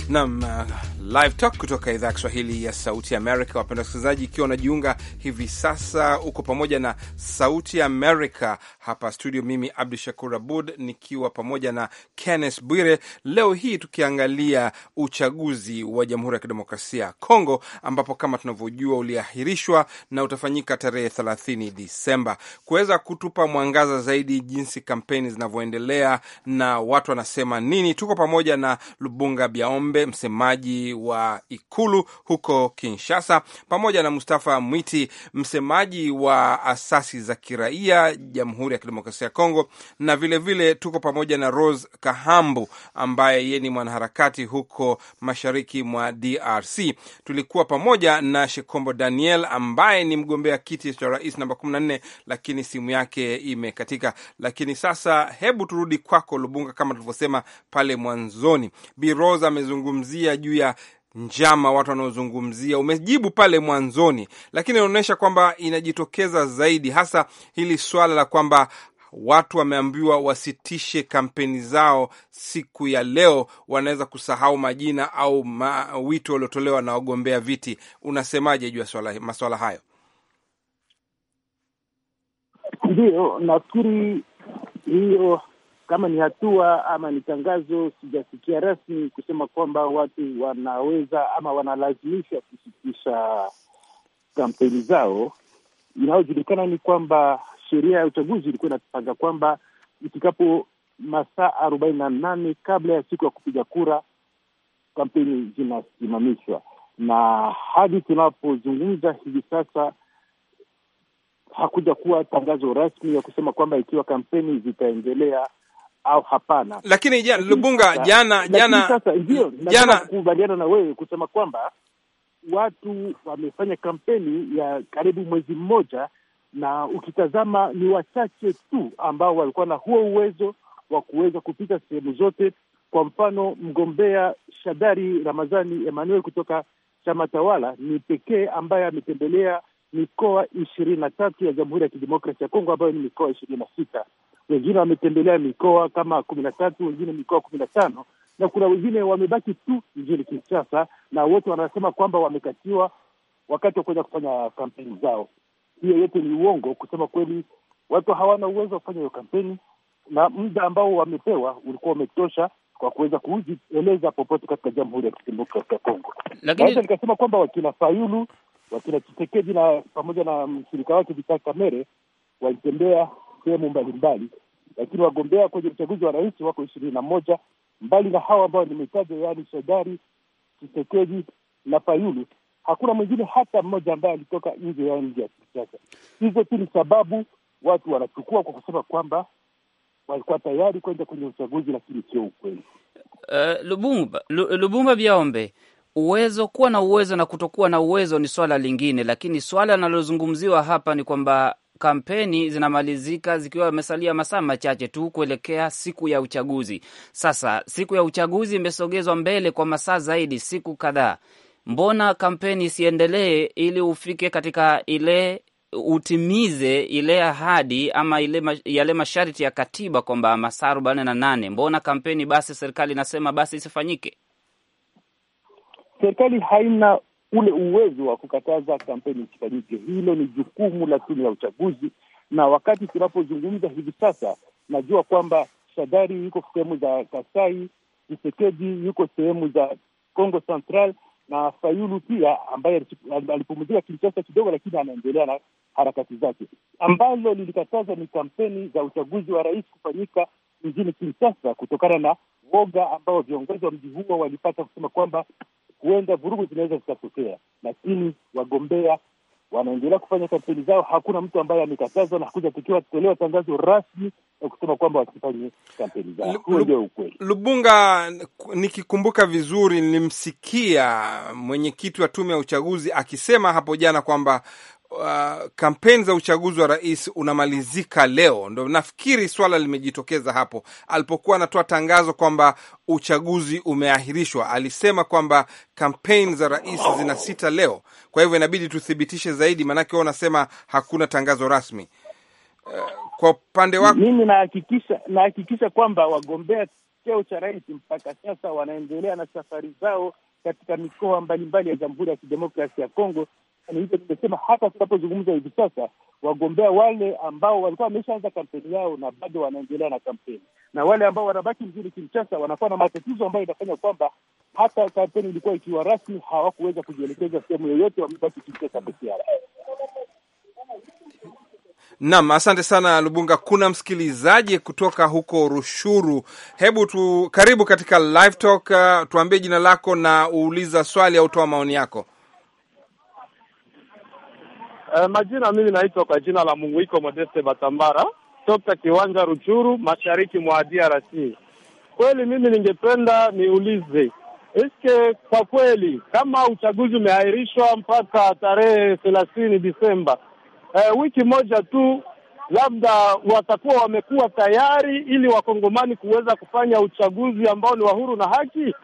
Naam. Uh, Live Talk kutoka idhaa ya Kiswahili ya Sauti Amerika. Wapenda wasikilizaji, ikiwa unajiunga hivi sasa, uko pamoja na Sauti Amerika hapa studio, mimi Abdu Shakur Abud nikiwa pamoja na Kenneth Bwire. Leo hii tukiangalia uchaguzi wa Jamhuri ya Kidemokrasia ya Kongo, ambapo kama tunavyojua uliahirishwa na utafanyika tarehe 30 Disemba. Kuweza kutupa mwangaza zaidi jinsi kampeni zinavyoendelea na watu wanasema nini, tuko pamoja na Lubunga Biaombe, msemaji wa ikulu huko Kinshasa, pamoja na Mustafa Mwiti, msemaji wa asasi za kiraia Jamhuri ya Kidemokrasia ya Kongo, na vilevile vile tuko pamoja na Rose Kahambu ambaye ye ni mwanaharakati huko mashariki mwa DRC. Tulikuwa pamoja na Shekombo Daniel ambaye ni mgombea kiti cha rais namba 14 lakini simu yake imekatika. Lakini sasa hebu turudi kwako Lubunga, kama tulivyosema pale mwanzoni, Bi Rose amezungumzia juu ya njama watu wanaozungumzia, umejibu pale mwanzoni, lakini inaonyesha kwamba inajitokeza zaidi, hasa hili swala la kwamba watu wameambiwa wasitishe kampeni zao siku ya leo, wanaweza kusahau majina au ma, wito waliotolewa na wagombea viti. Unasemaje juu ya maswala hayo? Ndiyo, nafikiri hiyo kama ni hatua ama ni tangazo, sijasikia rasmi kusema kwamba watu wanaweza ama wanalazimisha kusitisha kampeni zao. Inayojulikana ni kwamba sheria ya uchaguzi ilikuwa inapanga kwamba ifikapo masaa arobaini na nane kabla ya siku ya kupiga kura kampeni zinasimamishwa, na hadi tunapozungumza hivi sasa hakuja kuwa tangazo rasmi ya kusema kwamba ikiwa kampeni zitaendelea au hapana. Lakini jana Lubunga jana jana sasa ndio jana kubaliana na wewe kusema kwamba watu wamefanya kampeni ya karibu mwezi mmoja, na ukitazama ni wachache tu ambao walikuwa na huo uwezo wa kuweza kupita sehemu zote. Kwa mfano, mgombea Shadari Ramazani Emmanuel kutoka chama tawala ni pekee ambaye ametembelea mikoa ishirini na tatu ya Jamhuri ya Kidemokrasia ya Kongo ambayo ni mikoa ishirini na sita wengine wametembelea mikoa kama kumi na tatu wengine mikoa kumi na tano na kuna wengine wamebaki tu mjini Kinshasa, na wote wanasema kwamba wamekatiwa wakati wa kuweza kufanya kampeni zao. Hiyo yote ni uongo. Kusema kweli, watu hawana uwezo wa kufanya hiyo kampeni, na muda ambao wamepewa ulikuwa umetosha kwa kuweza kujieleza popote katika Jamhuri ya Kidemokrasia ya Kongo. Lakini nikasema kwamba wakina Fayulu, wakina Chisekedi na pamoja na mshirika wake Vital Kamerhe walitembea sehemu mbalimbali, lakini wagombea kwenye uchaguzi wa rais wako ishirini na moja mbali na hawa ambao nimetaja, yaani Shadari, Chisekedi na Fayulu, hakuna mwingine hata mmoja ambaye alitoka nje ya nje ya kisiasa. Hizo tu ni sababu watu wanachukua kwa kusema kwamba walikuwa tayari kwenda kwenye uchaguzi, lakini sio ukweli. Uh, Lubumba, Lubumba Biaombe, uwezo kuwa na uwezo na kutokuwa na uwezo ni swala lingine, lakini swala linalozungumziwa hapa ni kwamba kampeni zinamalizika zikiwa wamesalia masaa machache tu kuelekea siku ya uchaguzi. Sasa siku ya uchaguzi imesogezwa mbele kwa masaa zaidi, siku kadhaa. Mbona kampeni isiendelee ili ufike katika ile utimize ile ahadi ama ile yale masharti ya katiba kwamba masaa arobaini na nane? Mbona kampeni basi serikali inasema basi isifanyike? Serikali haina ule uwezo wa kukataza kampeni isifanyike. Hilo ni jukumu la tume ya uchaguzi, na wakati tunapozungumza hivi sasa, najua kwamba Shadari yuko sehemu za Kasai, Chisekedi yuko sehemu za Congo Central na Fayulu pia ambaye alipumzika Kinshasa kidogo, lakini anaendelea na harakati zake. Ambalo lilikataza ni kampeni za uchaguzi wa rais kufanyika mjini Kinshasa kutokana na woga ambao viongozi wa mji huo walipata kusema kwamba huenda vurugu zinaweza zikatokea, lakini wagombea wanaendelea kufanya kampeni zao. Hakuna mtu ambaye amekatazwa na hakuja tukiwa kutolewa tangazo rasmi ya kusema kwamba wasifanye kampeni zao. Huo ndio ukweli. Lubunga, nikikumbuka vizuri, nilimsikia mwenyekiti wa tume ya uchaguzi akisema hapo jana kwamba uh, kampeni za uchaguzi wa rais unamalizika leo, ndo nafikiri swala limejitokeza hapo. Alipokuwa anatoa tangazo kwamba uchaguzi umeahirishwa, alisema kwamba kampeni za rais zina sita leo, kwa hivyo inabidi tuthibitishe zaidi, maanake wao wanasema hakuna tangazo rasmi. Uh, kwa upande wako, mimi nahakikisha nahakikisha kwamba wagombea cheo cha rais mpaka sasa wanaendelea na safari zao katika mikoa mbalimbali ya Jamhuri ya Kidemokrasia ya Kongo hivyo nimesema hata tunapozungumza hivi sasa, wagombea wale ambao walikuwa wameshaanza kampeni yao na bado wanaendelea na kampeni, na wale ambao wanabaki mjini Kinshasa wanakuwa na matatizo ambayo inafanya kwamba hata kampeni ilikuwa ikiwa rasmi, hawakuweza kujielekeza sehemu yoyote, wamebaki Kinshasa peke yao. Naam, asante sana Lubunga. Kuna msikilizaji kutoka huko Rushuru. Hebu tu karibu katika live talk, uh, tuambie jina lako na uuliza swali au toa maoni yako. Uh, majina mimi naitwa kwa jina la mungu iko Modeste Batambara toka kiwanja Ruchuru, mashariki mwa DRC. Kweli mimi ningependa niulize eske, kwa kweli kama uchaguzi umeahirishwa mpaka tarehe thelathini Disemba, uh, wiki moja tu labda watakuwa wamekuwa tayari ili wakongomani kuweza kufanya uchaguzi ambao ni wa huru na haki.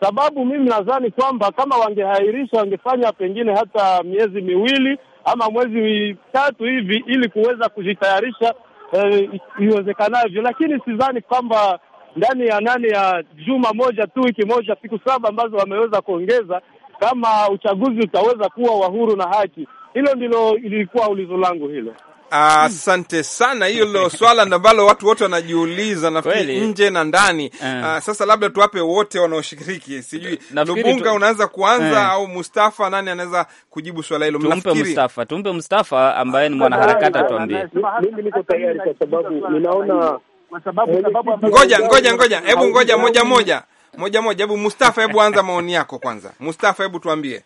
Sababu mimi nadhani kwamba kama wangehairisha wangefanya pengine hata miezi miwili ama mwezi tatu hivi, ili kuweza kujitayarisha eh, iwezekanavyo, lakini sidhani kwamba ndani ya nane ya juma moja tu, wiki moja, siku saba ambazo wameweza kuongeza, kama uchaguzi utaweza kuwa wa huru na haki. Hilo ndilo ilikuwa ulizo langu hilo. Asante sana, hilo swala ambalo watu wote wanajiuliza, nafikiri nje na ndani. Eh. Ah, sasa labda tuwape wote wanaoshiriki, sijui Lubunga unaanza kuanza eh. au Mustafa, nani anaweza kujibu swala hilo? Tumpe Mustafa, tumpe Mustafa ambaye ni mwanaharakati atuambie. Mimi niko tayari kwa sababu ninaona ngoja ngoja ngoja, hebu ngoja moja moja moja moja, hebu Mustafa, hebu anza maoni yako kwanza. Mustafa, hebu tuambie.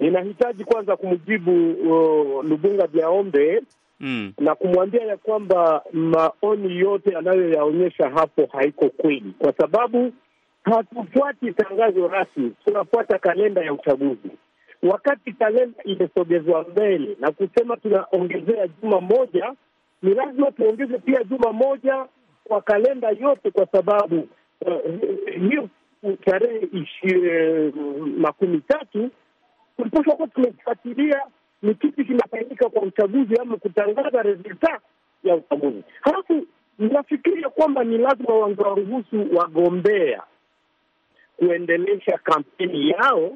Ninahitaji kwanza kumjibu uh, Lubunga Biaombe mm. na kumwambia ya kwamba maoni yote anayoyaonyesha hapo haiko kweli, kwa sababu hatufuati tangazo rasmi, tunafuata kalenda ya uchaguzi. Wakati kalenda imesogezwa mbele na kusema tunaongezea juma moja, ni lazima tuongeze pia juma moja kwa kalenda yote, kwa sababu uh, hiyo uh, tarehe uh, makumi tatu tulipaswa kuwa tumefuatilia ni kipi kinafanyika kwa uchaguzi ama kutangaza resulta ya uchaguzi. Halafu nafikiria kwamba ni lazima wangewaruhusu wagombea kuendelesha kampeni yao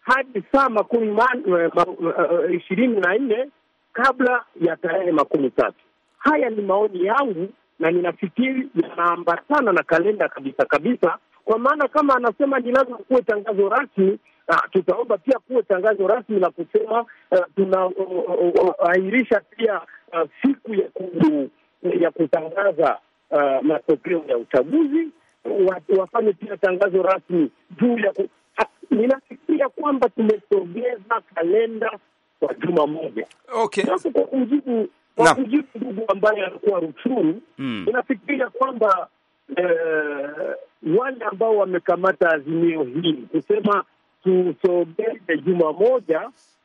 hadi saa makumi eh, eh, ishirini na nne kabla ya tarehe makumi tatu. Haya ni maoni yangu na ninafikiri yanaambatana na kalenda kabisa kabisa kwa maana kama anasema ni lazima kuwe tangazo rasmi, ah, tutaomba pia kuwe tangazo rasmi la kusema eh, tunaairisha pia ah, siku ya ku, ya kutangaza uh, matokeo ya uchaguzi wafanye pia tangazo rasmi juu ya ku... ninafikiria kwamba tumesogeza kalenda kwa juma moja. Okay, kwa kujibu ndugu ambaye alikuwa Ruchuru, hmm. ninafikiria kwamba eh, wale ambao wamekamata azimio hili kusema tusogeze juma moja,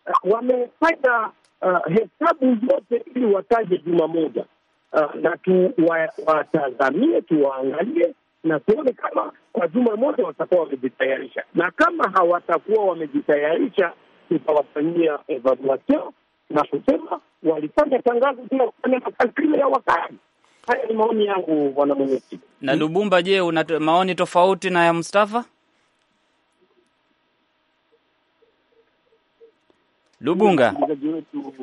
eh, wamefanya uh, hesabu zote ili wataje juma moja uh, eh, na tuwatazamie wa, tuwaangalie na tuone kama kwa juma moja watakuwa wamejitayarisha, na kama hawatakuwa wamejitayarisha, tutawafanyia evaluation na kusema walifanya tangazo bila kufanya makalkulio ya wakati. Haya ni maoni yangu, bwana mwenyekiti. Na Lubumba, je, una maoni tofauti na ya Mustafa Lubunga wetu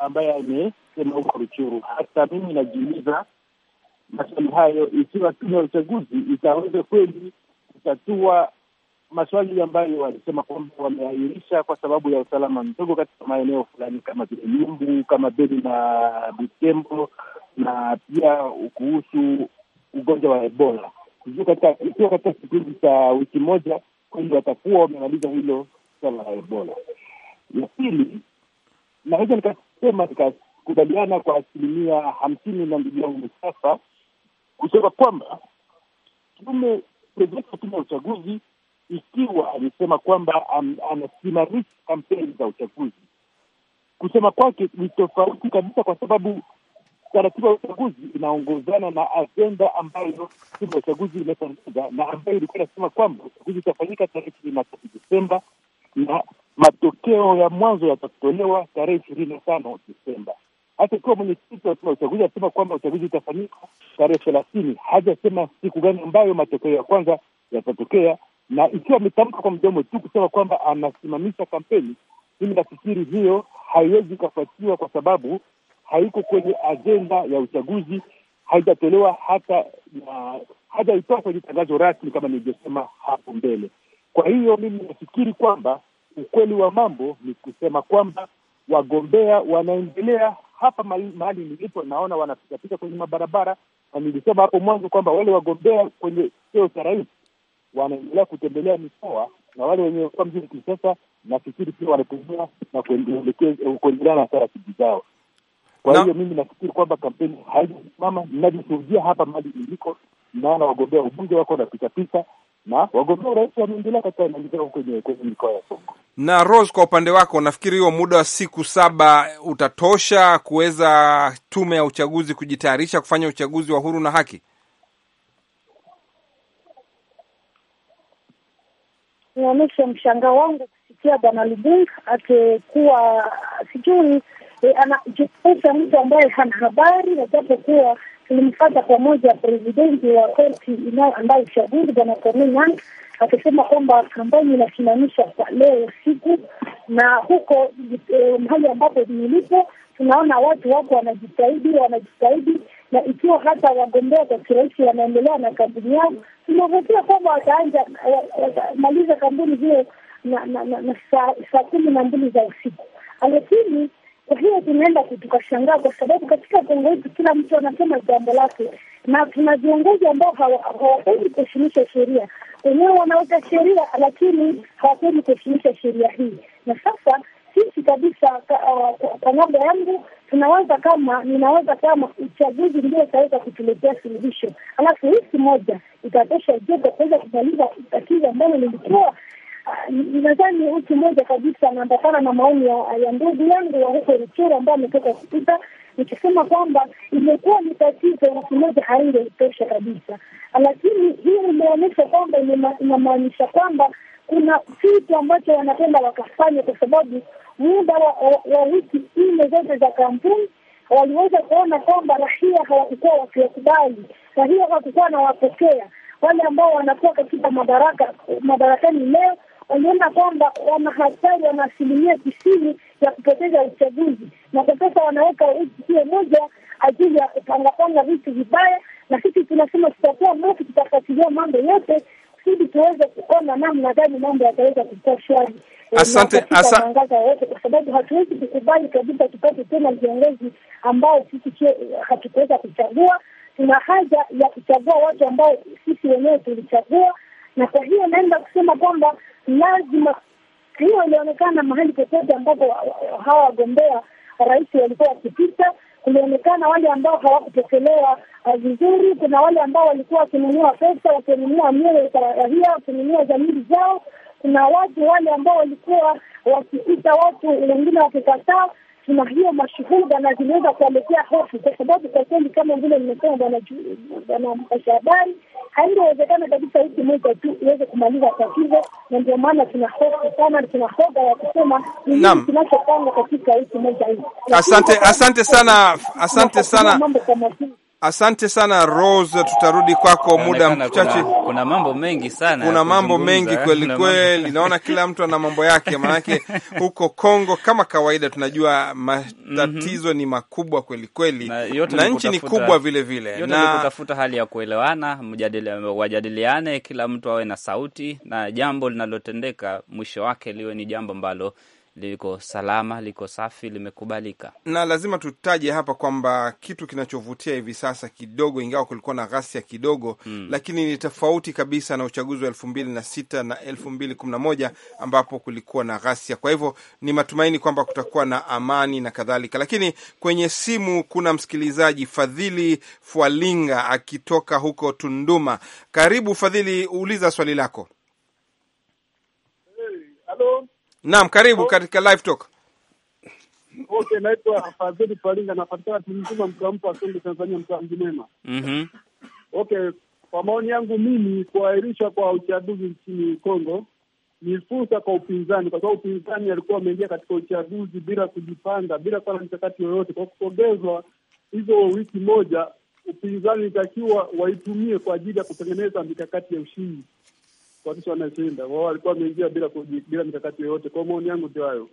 ambaye amesema huko Ruchuru? Hasa mimi najiuliza maswali hayo, ikiwa tume ya uchaguzi itaweza kweli kutatua maswali ambayo walisema kwamba wameahirisha kwa sababu ya usalama mdogo katika maeneo fulani kama vile Nyumbu, kama Beni na Butembo, na pia kuhusu ugonjwa wa Ebola. Ikiwa katika kipindi cha wiki moja kwenye watakuwa wamemaliza hilo swala la Ebola. La pili, naweza nikasema nikakubaliana kwa asilimia hamsini na mbili yangu sasa kusema kwamba tume prezidenti wa tume ya uchaguzi ikiwa alisema kwamba anasimarisha kampeni za uchaguzi, kusema kwake ni tofauti kabisa, kwa sababu taratibu ya uchaguzi inaongozana na ajenda ambayo tume ya uchaguzi imetangaza na ambayo ilikuwa inasema kwamba uchaguzi utafanyika tarehe ishirini na tatu Desemba na matokeo ya mwanzo yatatolewa tarehe ishirini na tano Desemba. Hata ikiwa mwenyekiti wa tume ya uchaguzi anasema kwamba uchaguzi utafanyika tarehe thelathini, hajasema siku gani ambayo matokeo ya kwanza yatatokea, na ikiwa ametamka kwa mdomo tu kusema kwamba anasimamisha kampeni, mimi nafikiri hiyo haiwezi ikafuatiwa kwa sababu haiko kwenye ajenda ya uchaguzi, haijatolewa hata na hajaitoa kwenye tangazo rasmi kama nilivyosema hapo mbele. Kwa hiyo mimi nafikiri kwamba ukweli wa mambo ni kusema kwamba wagombea wanaendelea hapa mahali nilipo, naona wanapitapita kwenye mabarabara, na nilisema hapo mwanzo kwamba wale wagombea kwenye cheo cha rais wanaendelea kutembelea mikoa na wale wenye kuwa mjini Kinshasa nafikiri pia wanatumia na kuendelea na taratibu zao. Kwa hiyo mimi nafikiri kwamba kampeni haijasimama. Ninavyoshuhudia hapa mali iliko, naona wagombea ubunge wako na pitapita na wagombea urais wameingilia katika imani zao kwenye kwenye mikoa ya Songo na Rose. Kwa upande wako, nafikiri huo muda wa siku saba utatosha kuweza tume ya uchaguzi kujitayarisha kufanya uchaguzi wa huru na haki. Nionyeshe mshangao wangu kusikia bwana Lubunga akikuwa sijui E, anajukumisha mtu ambaye hana habari, najapokuwa tulimfata pamoja presidenti wa koti ambayo uchaguzi bwana Komina akisema kwamba kampeni inasimamisha kwa leo usiku, na huko e, mahali ambapo nilipo tunaona watu wako wanajitahidi wanajitahidi, na ikiwa hata wagombea kwa kirahisi wanaendelea na kampuni yao, tunavutia kwamba wataanja e, watamaliza kampuni hiyo na saa kumi na mbili za usiku, lakini kwa hiyo tunaenda kutukashangaa, kwa sababu katika Kongo hetu kila mtu anasema jambo lake, na tuna viongozi ambao hawapendi kuheshimisha sheria. Wenyewe wanaweka sheria, lakini hawapendi kuheshimisha sheria hii. Na sasa sisi kabisa, uh, kwa ngambo yangu, tunaweza kama ninaweza kama uchaguzi ndio utaweza kutuletea suluhisho, alafu wiki moja itatosha joto kuweza kumaliza tatizo ambalo lilikuwa nadhani mtu mmoja kabisa anaambatana na maoni ya ndugu yangu wa huko Ruchuru ambayo ametoka kupita nikisema kwamba imekuwa ni tatizo moja kimoja halingetosha kabisa, lakini hii imeonyesha kwamba inamaanisha kwamba kuna kitu ambacho wanapenda wakafanya, kwa sababu muda wa, wa, wa wiki nne zote za kampuni waliweza kuona kwamba rahia hawakukuwa wakiwakubali, rahia hawakukuwa wanawapokea wale ambao wanakuwa katika madaraka madarakani leo waliona kwamba wana hatari, wana asilimia tisini ya kupoteza uchaguzi, na kwa sasa wanaweka hiyo moja ajili ya kupangapanga vitu vibaya, na sisi tunasema tutakuwa moto, tutafuatilia mambo yote kusudi tuweze kuona namna gani mambo yataweza kukua shwari. Eh, asante, asante wote, kwa sababu hatuwezi kukubali kabisa tupate tena viongozi ambao sisi hatukuweza kuchagua. Tuna haja ya kuchagua watu ambao sisi wenyewe tulichagua, na kwa hiyo naenda kusema kwamba lazima hiyo ilionekana mahali popote ambapo hawa wagombea rais walikuwa wakipita, kulionekana wale ambao hawakupokelewa ah, vizuri. Kuna wale ambao walikuwa wakinunua pesa, wakinunua mioyo ya raia, wakinunua dhamiri zao. Kuna watu wale ambao walikuwa wakipita, watu wengine wakikataa tuna hiyo mashuhuda na zinaweza kuwaletea hofu, kwa sababu kwa kweli kama vile nimesema bwana mpasha habari, haingewezekana kabisa wiki moja tu iweze kumaliza tatizo, na ndio maana tuna hofu sana, tuna hoga ya kusema ni nini kinachopangwa katika wiki moja hii. Asante, asante sana, asante sana. Asante sana Rose, tutarudi kwako muda mchache. Kuna, kuna mambo mengi sana, kuna mambo mengi eh? kweli kweli. Naona kila mtu ana mambo yake, maanake huko Kongo kama kawaida tunajua matatizo mm -hmm. ni makubwa kweli kweli, na, na nchi ni kubwa vile vile, yote na kutafuta hali ya kuelewana, wajadiliane, kila mtu awe na sauti, na jambo linalotendeka mwisho wake liwe ni jambo ambalo liko salama, liko safi, limekubalika. Na lazima tutaje hapa kwamba kitu kinachovutia hivi sasa kidogo, ingawa kulikuwa na ghasia kidogo mm, lakini ni tofauti kabisa na uchaguzi wa elfu mbili na sita na elfu mbili kumi na moja ambapo kulikuwa na ghasia. Kwa hivyo ni matumaini kwamba kutakuwa na amani na kadhalika. Lakini kwenye simu kuna msikilizaji Fadhili Fwalinga akitoka huko Tunduma. Karibu Fadhili, uuliza swali lako. Hey, Naam, karibu oh. katika live talk. Okay, naitwa Fadhili Palinga napatikana Tumzima mkampo asante Tanzania mkamji mema. Mhm. Okay, kwa maoni yangu mimi kuahirishwa kwa uchaguzi nchini Kongo ni fursa kwa upinzani, kwa sababu upinzani alikuwa ameingia katika uchaguzi bila kujipanga, bila kuwa na mikakati yoyote. Kwa kusogezwa hizo wiki moja, upinzani itakiwa waitumie kwa ajili ya kutengeneza mikakati ya ushindi kuhakikisha wanashinda. Wao walikuwa wameingia bila bila mikakati yoyote. Kwa maoni yangu ndio hayo.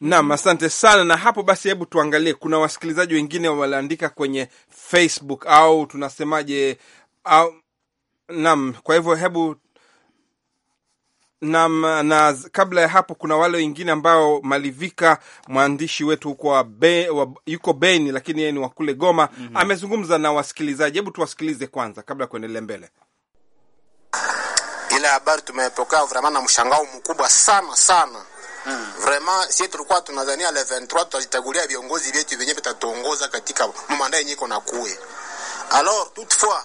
Naam, asante sana. Na hapo basi, hebu tuangalie, kuna wasikilizaji wengine waliandika kwenye Facebook au tunasemaje, au naam. Kwa hivyo hebu na, na kabla ya hapo kuna wale wengine ambao Malivika mwandishi wetu huko wa be, wa, yuko Beni lakini yeye ni wa kule Goma. mm -hmm. Amezungumza na wasikilizaji, hebu tuwasikilize kwanza kabla ya kuendelea mbele ile habari tumepokea vraiment na mshangao mkubwa sana sana. Mm. Vraiment sisi tulikuwa tunadhania le 23 tutachagulia viongozi wetu wenyewe vitatuongoza katika manda yenyewe iko na kuwe. Alors toutefois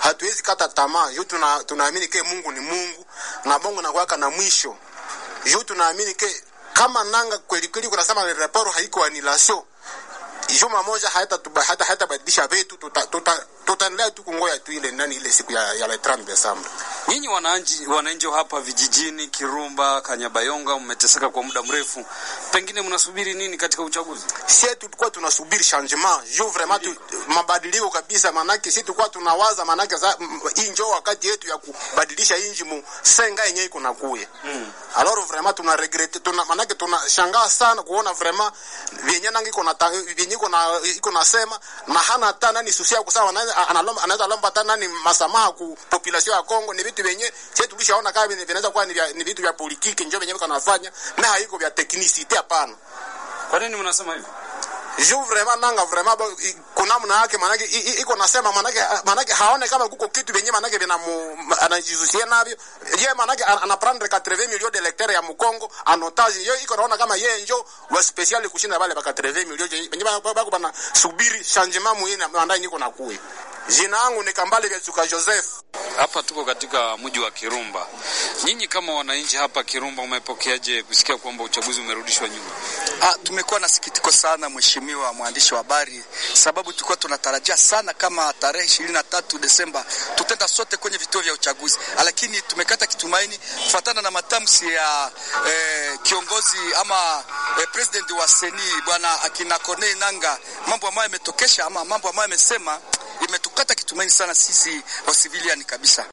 hatuwezi kata tamaa. Yule tuna tunaamini ke Mungu ni Mungu na Mungu anakuwaka na mwisho. Yule tunaamini ke kama nanga kweli kweli, kuna sema report haiko annihilasion juma moja hata hata hata badilisha vitu, tutaendelea tuta, tuta tu kungoja tu ile nani ile siku ya ya 30 Desemba. Nyinyi wananchi wananchi hapa vijijini Kirumba, Kanyabayonga mmeteseka kwa muda mrefu, pengine mnasubiri nini katika uchaguzi? Sisi tulikuwa tunasubiri changement juu vraiment tu, mabadiliko kabisa, manake sisi tulikuwa tunawaza, manake hii njoo wakati yetu ya kubadilisha inji mu senga yenyewe iko nakuya mm. Alors vraiment tuna regret tuna manake tunashangaa sana kuona vraiment vyenye nangi kuna vyenye iko na iko nasema na hana hata nani susia sababu anaweza anaweza lomba hata nani masamaha ku population ya Kongo. Ni vitu vyenye sisi tulishaona kama vinaweza kuwa ni vitu vya politiki, njoo wenyewe kanafanya na haiko vya technicity. Hapana, kwa nini mnasema hivyo? ju vraiment nanga vraiment kuna mna yake manake iko nasema manake manake haone kama kuko kitu benye manake bina anajizusia navyo ye manake anaprendre 80 millions de lecteurs ya Mkongo anotaji yo iko naona kama yeye njo wa special kushinda wale ba 80 millions benye bako bana subiri changement mwingine ndani niko na Jina langu ni Kambale Gachuka Joseph. Hapa tuko katika mji wa Kirumba. Nyinyi kama wananchi hapa Kirumba, umepokeaje kusikia kwamba uchaguzi umerudishwa nyuma? Ah, tumekuwa na sikitiko sana, mheshimiwa mwandishi wa habari, sababu tulikuwa tunatarajia sana kama tarehe ishirini na tatu Desemba tutenda sote kwenye vituo vya uchaguzi, lakini tumekata kitumaini kufuatana na matamshi ya eh, kiongozi ama eh, president wa seni bwana akina Corneille Nanga, mambo ambayo yametokesha ama mambo ambayo amesema imetukata kitumaini sana sisi civilian kabisa.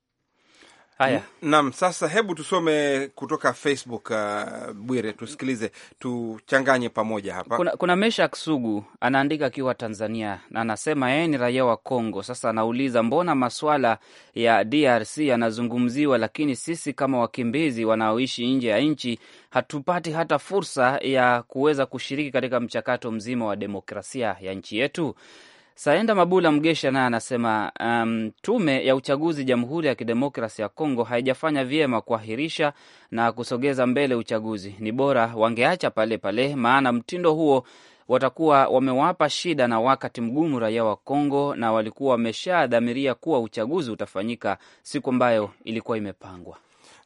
Haya, naam. Sasa hebu tusome kutoka Facebook. Uh, Bwire, tusikilize, tuchanganye pamoja hapa. Kuna, kuna Mesha Sugu anaandika akiwa Tanzania na anasema yeye ni raia wa Kongo. Sasa anauliza mbona maswala ya DRC yanazungumziwa, lakini sisi kama wakimbizi wanaoishi nje ya nchi hatupati hata fursa ya kuweza kushiriki katika mchakato mzima wa demokrasia ya nchi yetu. Saenda Mabula Mgesha naye anasema um, tume ya uchaguzi Jamhuri ya Kidemokrasi ya Kongo haijafanya vyema kuahirisha na kusogeza mbele uchaguzi. Ni bora wangeacha pale pale, maana mtindo huo watakuwa wamewapa shida na wakati mgumu raia wa Kongo, na walikuwa wameshadhamiria kuwa uchaguzi utafanyika siku ambayo ilikuwa imepangwa.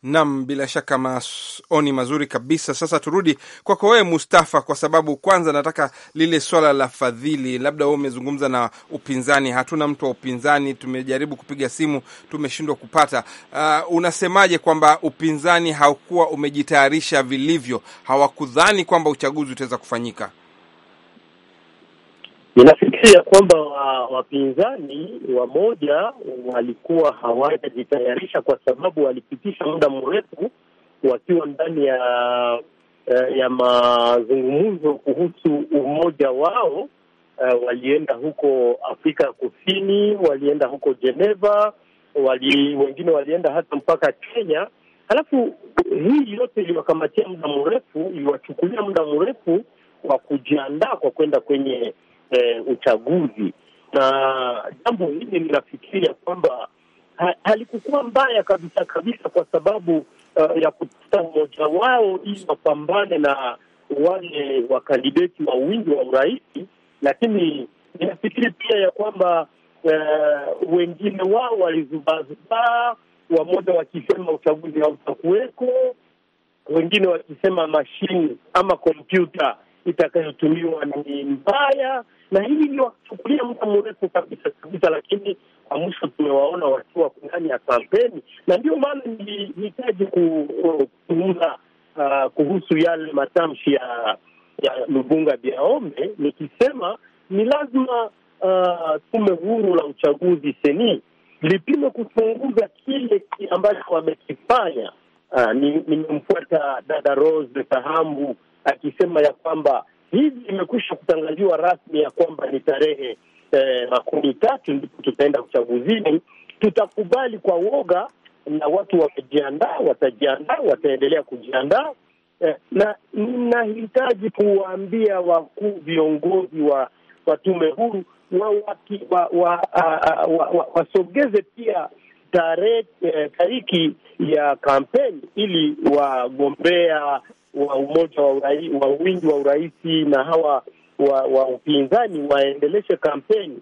Nam, bila shaka maoni mazuri kabisa. Sasa turudi kwako wewe Mustafa, kwa sababu kwanza nataka lile swala la fadhili, labda wewe umezungumza na upinzani. Hatuna mtu wa upinzani, tumejaribu kupiga simu, tumeshindwa kupata. Uh, unasemaje kwamba upinzani haukuwa umejitayarisha vilivyo, hawakudhani kwamba uchaguzi utaweza kufanyika? Ninafikiri ya kwamba uh, wapinzani wa wamoja walikuwa hawajajitayarisha kwa sababu walipitisha muda mrefu wakiwa ndani ya uh, ya mazungumzo kuhusu umoja wao. Uh, walienda huko Afrika Kusini, walienda huko Geneva, wali, wengine walienda hata mpaka Kenya. Halafu hii yote iliwakamatia muda mrefu, iliwachukulia muda mrefu wa kujiandaa kwa kwenda kwenye e, uchaguzi. Na jambo hili ninafikiria kwamba ha, halikukuwa mbaya kabisa kabisa, kwa sababu uh, ya kupata mmoja wao ili wapambane na wale wakandideti wa wingi wa urais, lakini ninafikiri pia ya kwamba uh, wengine wao walizubaazubaa, wamoja wakisema uchaguzi hautakuweko, wengine wakisema mashini ama kompyuta itakayotumiwa ni mbaya, na hili iliwachukulia muda mrefu kabisa kabisa, lakini kwa mwisho tumewaona wakiwa ndani ya kampeni, na ndio maana nilihitaji kuzungumza uh, kuhusu yale matamshi ya ya Lubunga Biaombe nikisema ni lazima uh, tume huru la uchaguzi seni lipime kuchunguza kile ambacho wamekifanya. Uh, nimemfuata ni dada Rose Kahambu akisema ya kwamba hivi imekwisha kutangaziwa rasmi ya kwamba ni tarehe eh, makumi tatu ndipo tutaenda uchaguzini. Tutakubali kwa woga, na watu wamejiandaa, watajiandaa, wataendelea kujiandaa eh, na ninahitaji kuwaambia wakuu viongozi wa wa tume huru wasogeze wa, wa, wa, wa, wa, wa pia eh, tariki eh, ya kampeni ili wagombea wa umoja wa urai, wa wingi wa urahisi na hawa wa, wa upinzani waendeleshe kampeni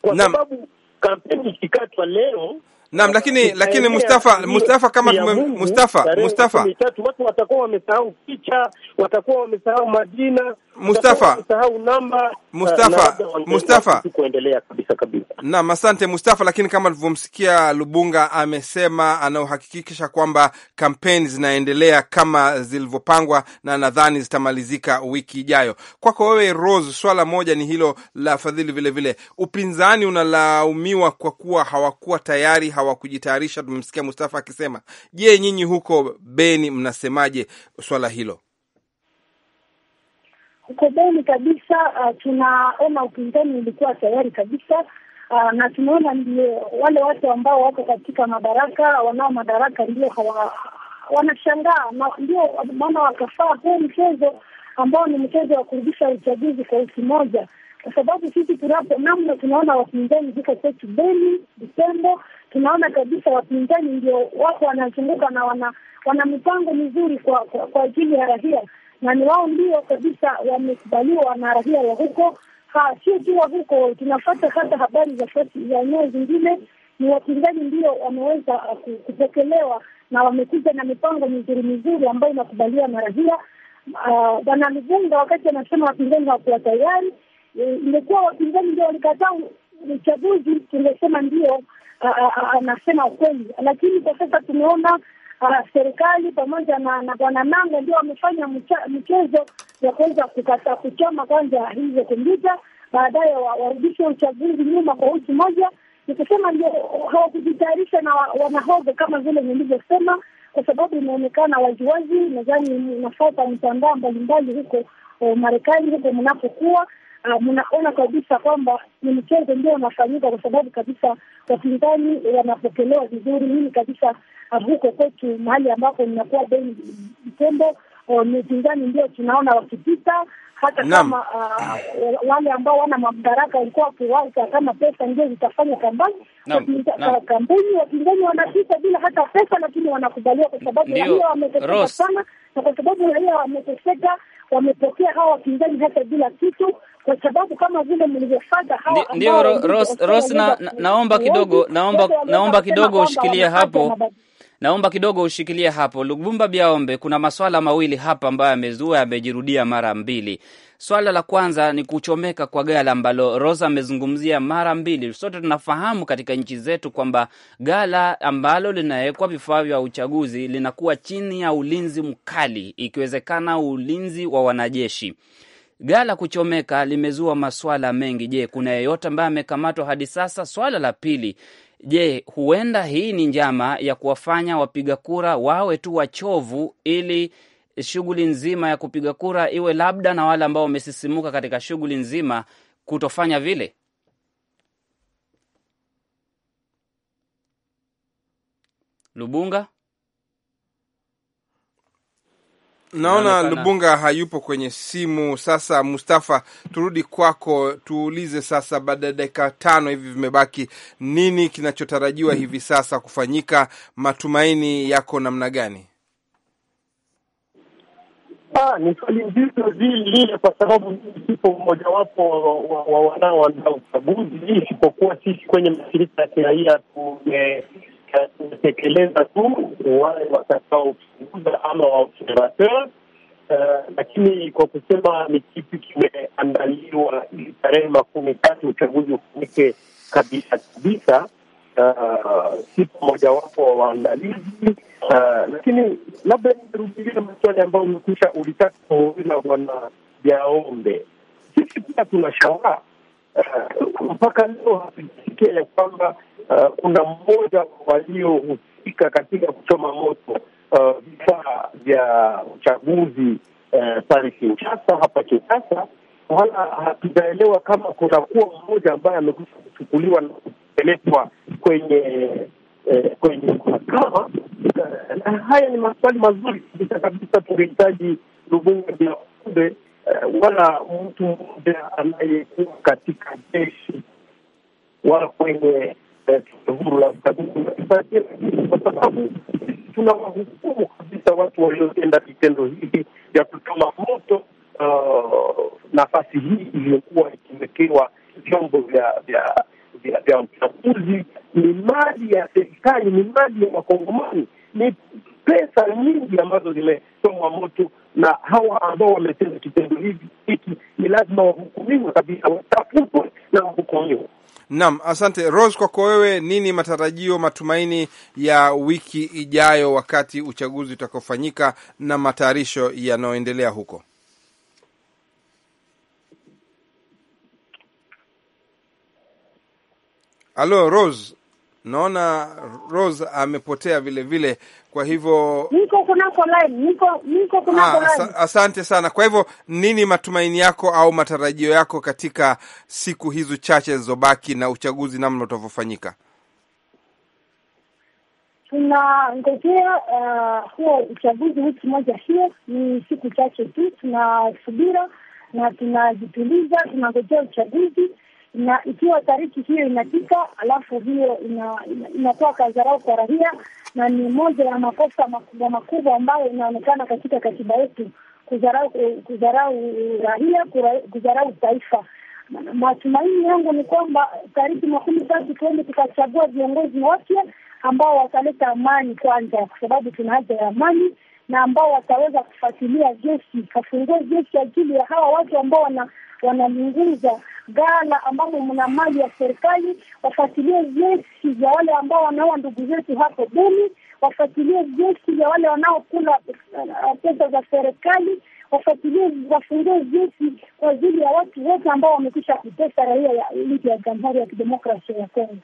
kwa sababu kampeni ikikatwa leo Naam, lakini lakini Mustafa Mustafa kama Mustafa Mustafa watu watakuwa wamesahau picha, watakuwa wamesahau majina, Mustafa wamesahau namba, eh, Mustafa Mustafa kuendelea kabisa kabisa. Naam, asante Mustafa, lakini kama tulivyomsikia Lubunga amesema anaohakikisha kwamba kampeni zinaendelea kama zilivyopangwa na nadhani zitamalizika wiki ijayo. Kwako wewe Rose, swala moja ni hilo la Fadhili, vile vile upinzani unalaumiwa kwa kuwa hawakuwa tayari hawakujitayarisha. Tumemsikia Mustafa akisema. Je, nyinyi huko Beni mnasemaje swala hilo? Huko Beni kabisa, uh, tunaona upinzani ulikuwa tayari kabisa. Uh, na tunaona ndio wale watu ambao wako katika madaraka wanao madaraka ndio hawa wanashangaa, na ndio maana wakafaa huu mchezo ambao ni mchezo wa kurudisha uchaguzi kwa wiki moja, kwa sababu sisi tunapo namna tunaona wapinzani ziko kwetu Beni Butembo tunaona kabisa wapinzani ndio wako wanazunguka na wana wana mipango mizuri kwa kwa, kwa ajili ya rahia na ni wao ndio kabisa wamekubaliwa na rahia wa huko, sio tu wa huko, tunapata hata habari za eneo zingine. Ni wapinzani ndio wameweza uh, kupokelewa na wamekuja na mipango mizuri mizuri ambayo inakubaliwa na rahia uh, Bwana uh, Luvunga wakati anasema wapinzani hawakuwa tayari, eh, ingekuwa wapinzani ndio walikataa uchaguzi, tungesema ndio anasema ukweli, lakini kwa sasa tumeona serikali pamoja na bwana Nango ndio wamefanya mchezo ya kuweza kukata kuchoma kwanza hizo kompyuta, baadaye warudishe uchaguzi nyuma kwa wiki moja. Nikisema ndio hawakujitayarisha na wanahoga kama vile nilivyosema, kwa sababu inaonekana waziwazi. Nadhani nafata mitandao mbalimbali huko Marekani, huko mnapokuwa Ah, mnaona kabisa kwamba ni mchezo ndio unafanyika, kwa sababu kabisa wapinzani wanapokelewa vizuri. Mimi kabisa ah, huko kwetu mahali ambapo ninakuwa Beni oh, ni wapinzani ndio tunaona wakipita hata Nam. kama uh, wale ambao wana madaraka walikuwa kuwaza kama pesa ndio zitafanya kampani kampuni, wapinzani wanapita bila hata pesa, lakini wanakubaliwa kwa sababu raia wameteseka sana, na kwa sababu raia wameteseka, wamepokea hawa wapinzani hata bila kitu kwa sababu kama vile mlivyofata hawa ndio Ros, Ros na, na, naomba kidogo naomba naomba kidogo ushikilie hapo naomba kidogo ushikilie hapo. Lugumba Biaombe, kuna maswala mawili hapa ambayo yamezua yamejirudia mara mbili. Swala la kwanza ni kuchomeka kwa gala ambalo Rosa amezungumzia mara mbili. Sote tunafahamu katika nchi zetu kwamba gala ambalo linawekwa vifaa vya uchaguzi linakuwa chini ya ulinzi mkali, ikiwezekana ulinzi wa wanajeshi. Gala kuchomeka limezua maswala mengi. Je, kuna yeyote ambaye amekamatwa hadi sasa? Swala la pili, je, huenda hii ni njama ya kuwafanya wapiga kura wawe tu wachovu ili shughuli nzima ya kupiga kura iwe labda na wale ambao wamesisimuka katika shughuli nzima kutofanya vile? Lubunga naona Lubunga hayupo kwenye simu. Sasa Mustafa, turudi kwako, tuulize sasa, baada ya dakika tano hivi vimebaki, nini kinachotarajiwa hmm. hivi sasa kufanyika? Matumaini yako namna gani? Ah, ni swali nzito zile, kwa sababu mimi sipo mmojawapo wa wanaoandaa uchaguzi, isipokuwa sisi kwenye mashirika ya kiraia tumetekeleza tu wale watakaochunguza ama waobservateur, eh, lakini kwa kusema ni kipi kimeandaliwa ili tarehe makumi tatu uchaguzi ufanyike kabisa kabisa Ah, sipo mojawapo wa waandalizi, ah, lakini labda nirudilie maswali ambayo umekwisha ulitaka kuuliza bwana Jaombe. Sisi pia tuna shaa ah, mpaka leo hatujasikia ya kwamba kuna mmoja waliohusika katika kuchoma moto vifaa vya uchaguzi eh, pale Kinshasa, hapa Kinshasa, wala hatujaelewa kama kutakuwa mmoja ambaye amekwisha kuchukuliwa na kupelekwa kwenye eh, kwenye mahakama. Haya ni maswali mazuri kabisa kabisa, tungehitaji Lubunga bila kumbe eh, wala mtu mmoja anayekuwa katika jeshi wala kwenye eh, huru la kwa sababu tuna wahukumu kabisa watu waliotenda vitendo hivi vya kuchoma moto nafasi hii iliyokuwa ikiwekewa vyombo vya vya uchaguzi ni mali ya serikali, ni mali ya Wakongomani, ni pesa nyingi ambazo zimechomwa moto, na hawa ambao wametenda kitendo hivi hiki ni lazima wahukumiwe kabisa, watafutwe na wahukumiwe. Naam, asante Rose. Kwako wewe, nini matarajio, matumaini ya wiki ijayo, wakati uchaguzi utakaofanyika na matayarisho yanayoendelea huko? Alo Rose, naona Rose amepotea vile vile, kwa hivyo niko kunako line, niko niko kunako ah, line. Asante sana. Kwa hivyo nini matumaini yako au matarajio yako katika siku hizo chache zilizobaki na uchaguzi namna utavyofanyika? Tunangojea uh, huo uchaguzi wiki moja, hiyo ni siku chache tu, tunasubira na tunajituliza, tunangojea uchaguzi na ikiwa tariki hiyo inatika, alafu hiyo inatoa kadharau kwa raia, na ni moja ya makosa makubwa makubwa ambayo inaonekana katika katiba yetu, kudharau kudharau raia, kudharau taifa. Matumaini yangu ni kwamba tariki makumi tatu tuende tukachagua viongozi wapya ambao wataleta amani kwanza, kwa sababu tuna haja ya amani na ambao wataweza kufuatilia jeshi, ikafungue jeshi ajili ya hawa watu ambao wana wanalinguza ghala ambamo mna mali ya serikali. Wafuatilie jeshi vya wale ambao wanaua ndugu zetu hapo Beni, wafuatilie jeshi vya wale wanaokula uh, pesa za serikali, wafuatilie, wafungue jeshi kwa ajili ya watu wote ambao wamekwisha kutesa raia ya nchi ya Jamhuri ya Kidemokrasia ya Kongo.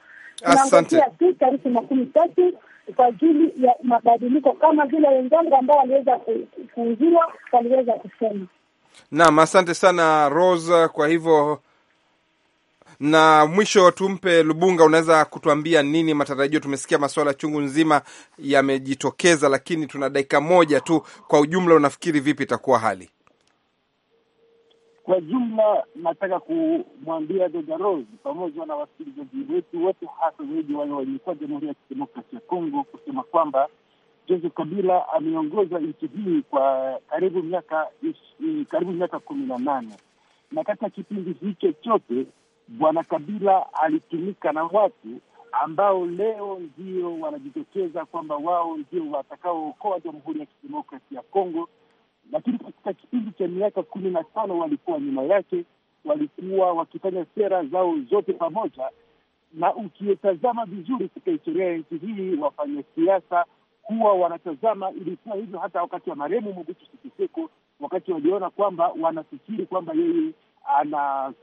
Tunangojea tu tarehe makumi tatu kwa ajili ya mabadiliko kama vile wenzangu ambao waliweza kufunziwa waliweza kusema. Naam, asante sana ros Kwa hivyo na mwisho tumpe Lubunga, unaweza kutuambia nini matarajio? Tumesikia masuala chungu nzima yamejitokeza, lakini tuna dakika moja tu. Kwa ujumla, unafikiri vipi itakuwa hali? Kwa jumla, nataka kumwambia dada Rose pamoja na wasikilizaji wetu wote, hasa zaidi wale waliokuwa Jamhuri ya kidemokrasi ya Kongo, kusema kwamba Joseph Kabila ameongoza nchi hii kwa karibu miaka eh, karibu miaka kumi na nane na katika kipindi hicho chote Bwana Kabila alitumika na watu ambao leo ndio wanajitokeza kwamba wao ndio watakaookoa Jamhuri ya kidemokrasi ya Kongo lakini katika kipindi cha miaka kumi na tano walikuwa nyuma yake, walikuwa wakifanya sera zao zote pamoja. Na ukitazama vizuri katika historia ya nchi hii, wafanya siasa huwa wanatazama, ilikuwa hivyo hata wakati wa marehemu Mobutu Sese Seko, wakati waliona kwamba wanafikiri kwamba yeye ana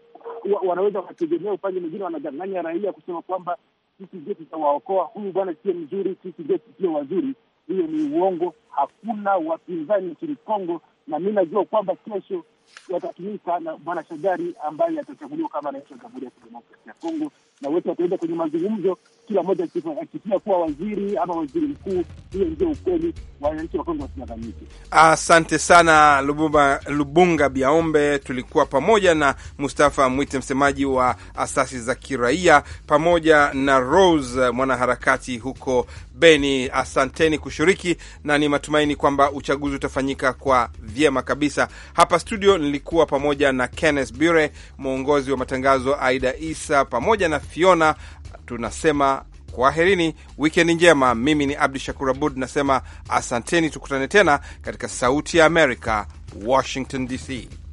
wanaweza wakategemea upande mwingine, wanadanganya raia kusema kwamba sisi ndio tutawaokoa, huyu bwana sio mzuri, sisi ndio sio wazuri hiyo ni uongo. Hakuna wapinzani nchini Kongo, na mi najua kwamba kesho yatatumika na bwana Shagari ambaye atachaguliwa kama rais wa Jamhuri ya Kidemokrasia ya Kongo, na wote wataenda kwenye mazungumzo, kila mmoja akitia kuwa waziri ama waziri mkuu. Hiyo ndio ukweli, wananchi wa Kongo wasidanganyike. Asante sana Lubumba, Lubunga Biaombe. Tulikuwa pamoja na Mustafa Mwite, msemaji wa asasi za kiraia, pamoja na Rose, mwanaharakati huko Beni. Asanteni kushiriki, na ni matumaini kwamba uchaguzi utafanyika kwa vyema kabisa. Hapa studio nilikuwa pamoja na Kenneth Bure, mwongozi wa matangazo, Aida Isa pamoja na Fiona. Tunasema kwaherini, wikendi njema. Mimi ni Abdu Shakur Abud nasema asanteni, tukutane tena katika Sauti ya Amerika, Washington DC.